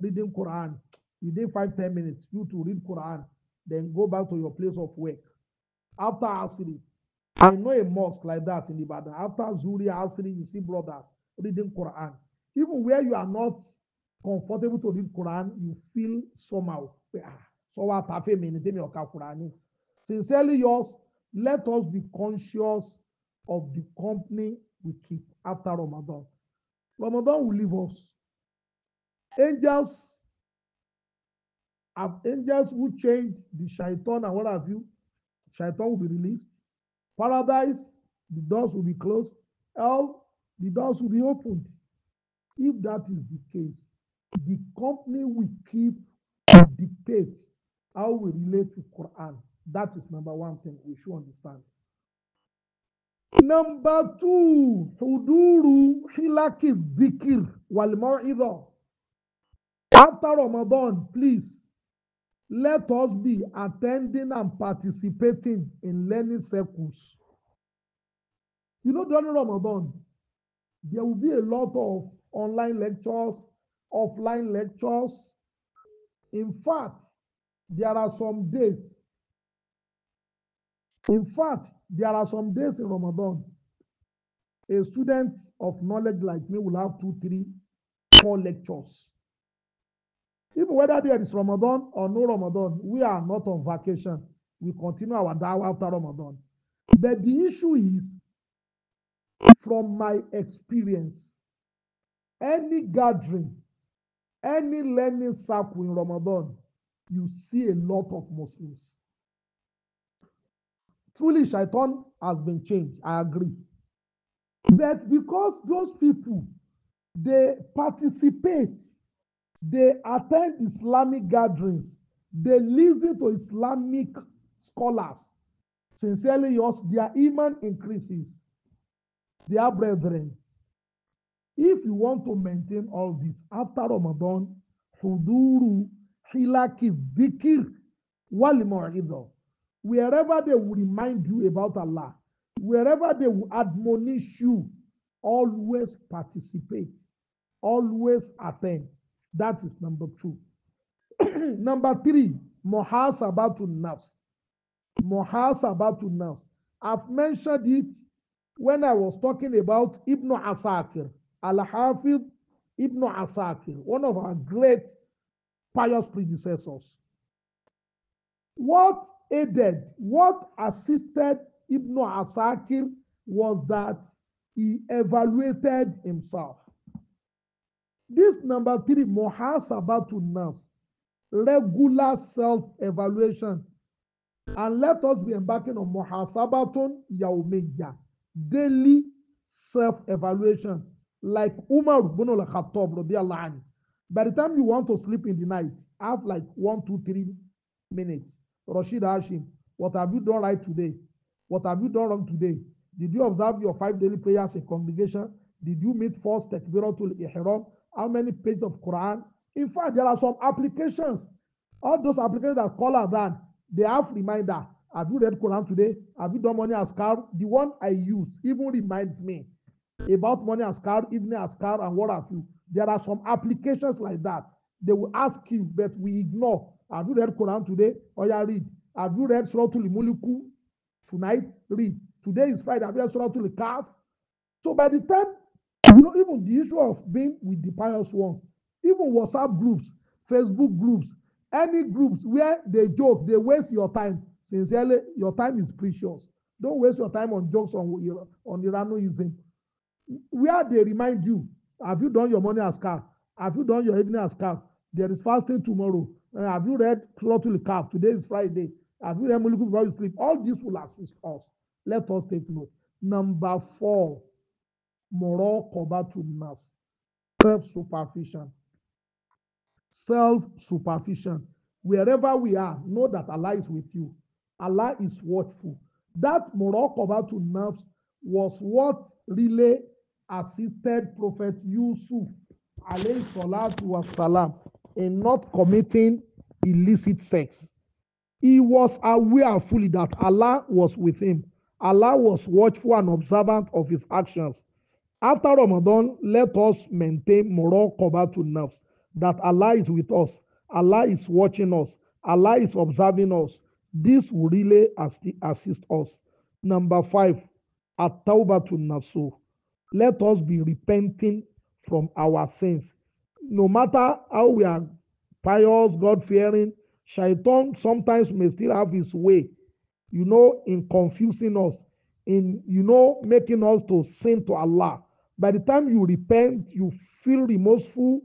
reading Quran within five ten minutes you to read Quran then go back to your place of work after Asri. I ah. know a mosque like that in Ibadan. After Zuri, Asri, you see brothers reading Quran. Even where you are not comfortable to read Quran, you feel somehow. So what tafe mi ni temi ọ̀ka Quran. Sincerely yours, let us be conscious of the company we keep after Ramadan. Ramadan will leave us. Angels have angels who change the shaitan and what have you Shaitan will be released. Paradise, the doors will be closed. Hell, the doors will be opened. If that is the case, the company will keep will dictate how we relate to Quran. That is number one thing we should understand. Number two, Huduru Hilaki Zikir Walmar After Ramadan, please Let us be attending and participating in learning circles. You know, during Ramadan, there will be a lot of online lectures, offline lectures. In fact, there are some days. In fact, there are some days in Ramadan. A student of knowledge like me will have two, three, four lectures even whether there is Ramadan or no Ramadan, we are not on vacation. We continue our dawah after Ramadan. But the issue is, from my experience, any gathering, any learning circle in Ramadan, you see a lot of Muslims. Truly, Shaitan has been changed. I agree. But because those people, they participate They attend Islamic gatherings. They listen to Islamic scholars. Sincerely yours, their iman increases. Their brethren. If you want to maintain all this after Ramadan, huduru hilaki dhikr walimorido. Wherever they will remind you about Allah, wherever they will admonish you, always participate, always attend. That is number two. (clears throat) number three, muhasabatu nafs. Muhasabatu nafs. I've mentioned it when I was talking about Ibn Asakir, Al-Hafidh Ibn Asakir, one of our great pious predecessors. What aided, what assisted Ibn Asakir was that he evaluated himself. This number three, muhasabatu nas, regular self-evaluation. And let us be embarking on muhasabatun yaumiya, daily self-evaluation. Like Umar ibn al-Khattab, radiallahu anhu. By the time you want to sleep in the night, have like one, two, three minutes. Rashid Hashim, what have you done right today? What have you done wrong today? Did you observe your five daily prayers in congregation? Did you meet first takbiratul ihram? how many pages of Quran. In fact, there are some applications. All those applications that call that they have reminder. Have you read Quran today? Have you done money as car? The one I use even reminds me about money as askar, evening car and what have you. There are some applications like that. They will ask you, but we ignore. Have you read Quran today? Or yeah, read. Have you read Surah Muliku tonight? Read. Today is Friday. Have you read Surah Kaf? So by the time You know, even the issue of being with the pious ones, even WhatsApp groups, Facebook groups, any groups where they joke, they waste your time. Sincerely, your time is precious. Don't waste your time on jokes on, on Iranoism. Where they remind you, have you done your money as askar? Have you done your evening as askar? There is fasting tomorrow. Uh, have you read Clotul Calf? Today is Friday. Have you read Muluku before you sleep? All this will assist us. Let us take note. Number four muraqabatun nas self superficial self superficial wherever we are know that Allah is with you Allah is watchful that to nerves was what really assisted Prophet Yusuf alayhi salatu wasalam in not committing illicit sex. He was aware fully that Allah was with him. Allah was watchful and observant of his actions. After Ramadan, let us maintain muraqabatu nafs that Allah is with us, Allah is watching us, Allah is observing us. This will really assist us. Number five, at-tawbatu nafsu. Let us be repenting from our sins. No matter how we are pious, God-fearing, Shaitan sometimes may still have his way, you know, in confusing us, in, you know, making us to sin to Allah. By the time you repent, you feel remorseful,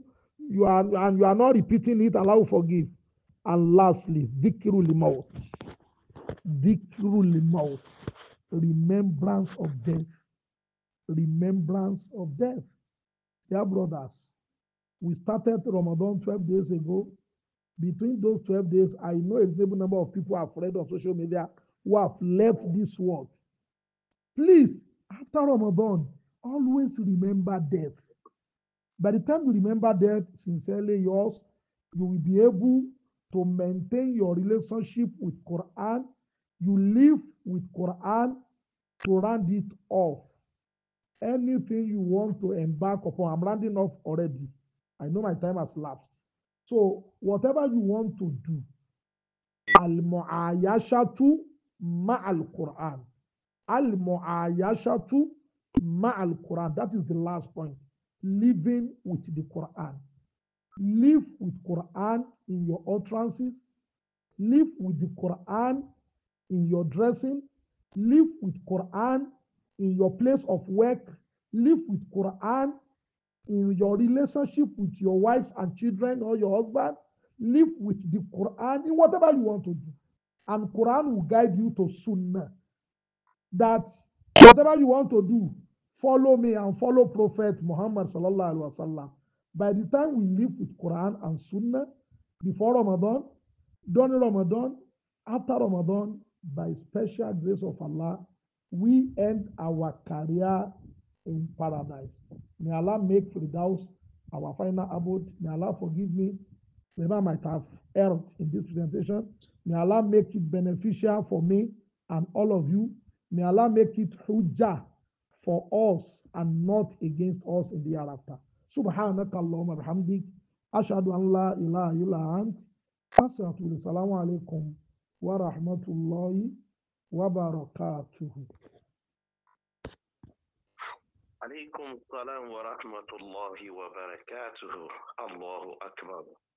you are and you are not repeating it, Allah will forgive. And lastly, dhikru limaut. Dhikru limaut. Remembrance of death. Remembrance of death. Dear brothers, we started Ramadan 12 days ago. Between those 12 days, I know a reasonable number of people have read on social media who have left this world. Please, after Ramadan, always remember death. By the time you remember death, sincerely yours, you will be able to maintain your relationship with Quran. You live with Quran to round it off. Anything you want to embark upon, I'm rounding off already. I know my time has lapsed. So whatever you want to do, al-mu'ayashatu ma'al Quran. Al-mu'ayashatu Ma'al Quran. That is the last point. Living with the Quran. Live with Quran in your utterances. Live with the Quran in your dressing. Live with Quran in your place of work. Live with Quran in your relationship with your wives and children or your husband. Live with the Quran in whatever you want to do. And Quran will guide you to Sunnah. That whatever you want to do, follow me and follow Prophet Muhammad sallallahu alaihi wasallam. By the time we live with Quran and Sunnah, before Ramadan, during Ramadan, after Ramadan, by special grace of Allah, we end our career in paradise. May Allah make Firdaus our final abode. May Allah forgive me whenever I might have erred in this presentation. May Allah make it beneficial for me and all of you. May Allah make it hujjah for us and not against us in the hereafter. سبحانك اللهم وبحمدك أشهد أن لا إله إلا أنت أستغفرك السلام عليكم ورحمة الله وبركاته. عليكم السلام ورحمة الله وبركاته الله أكبر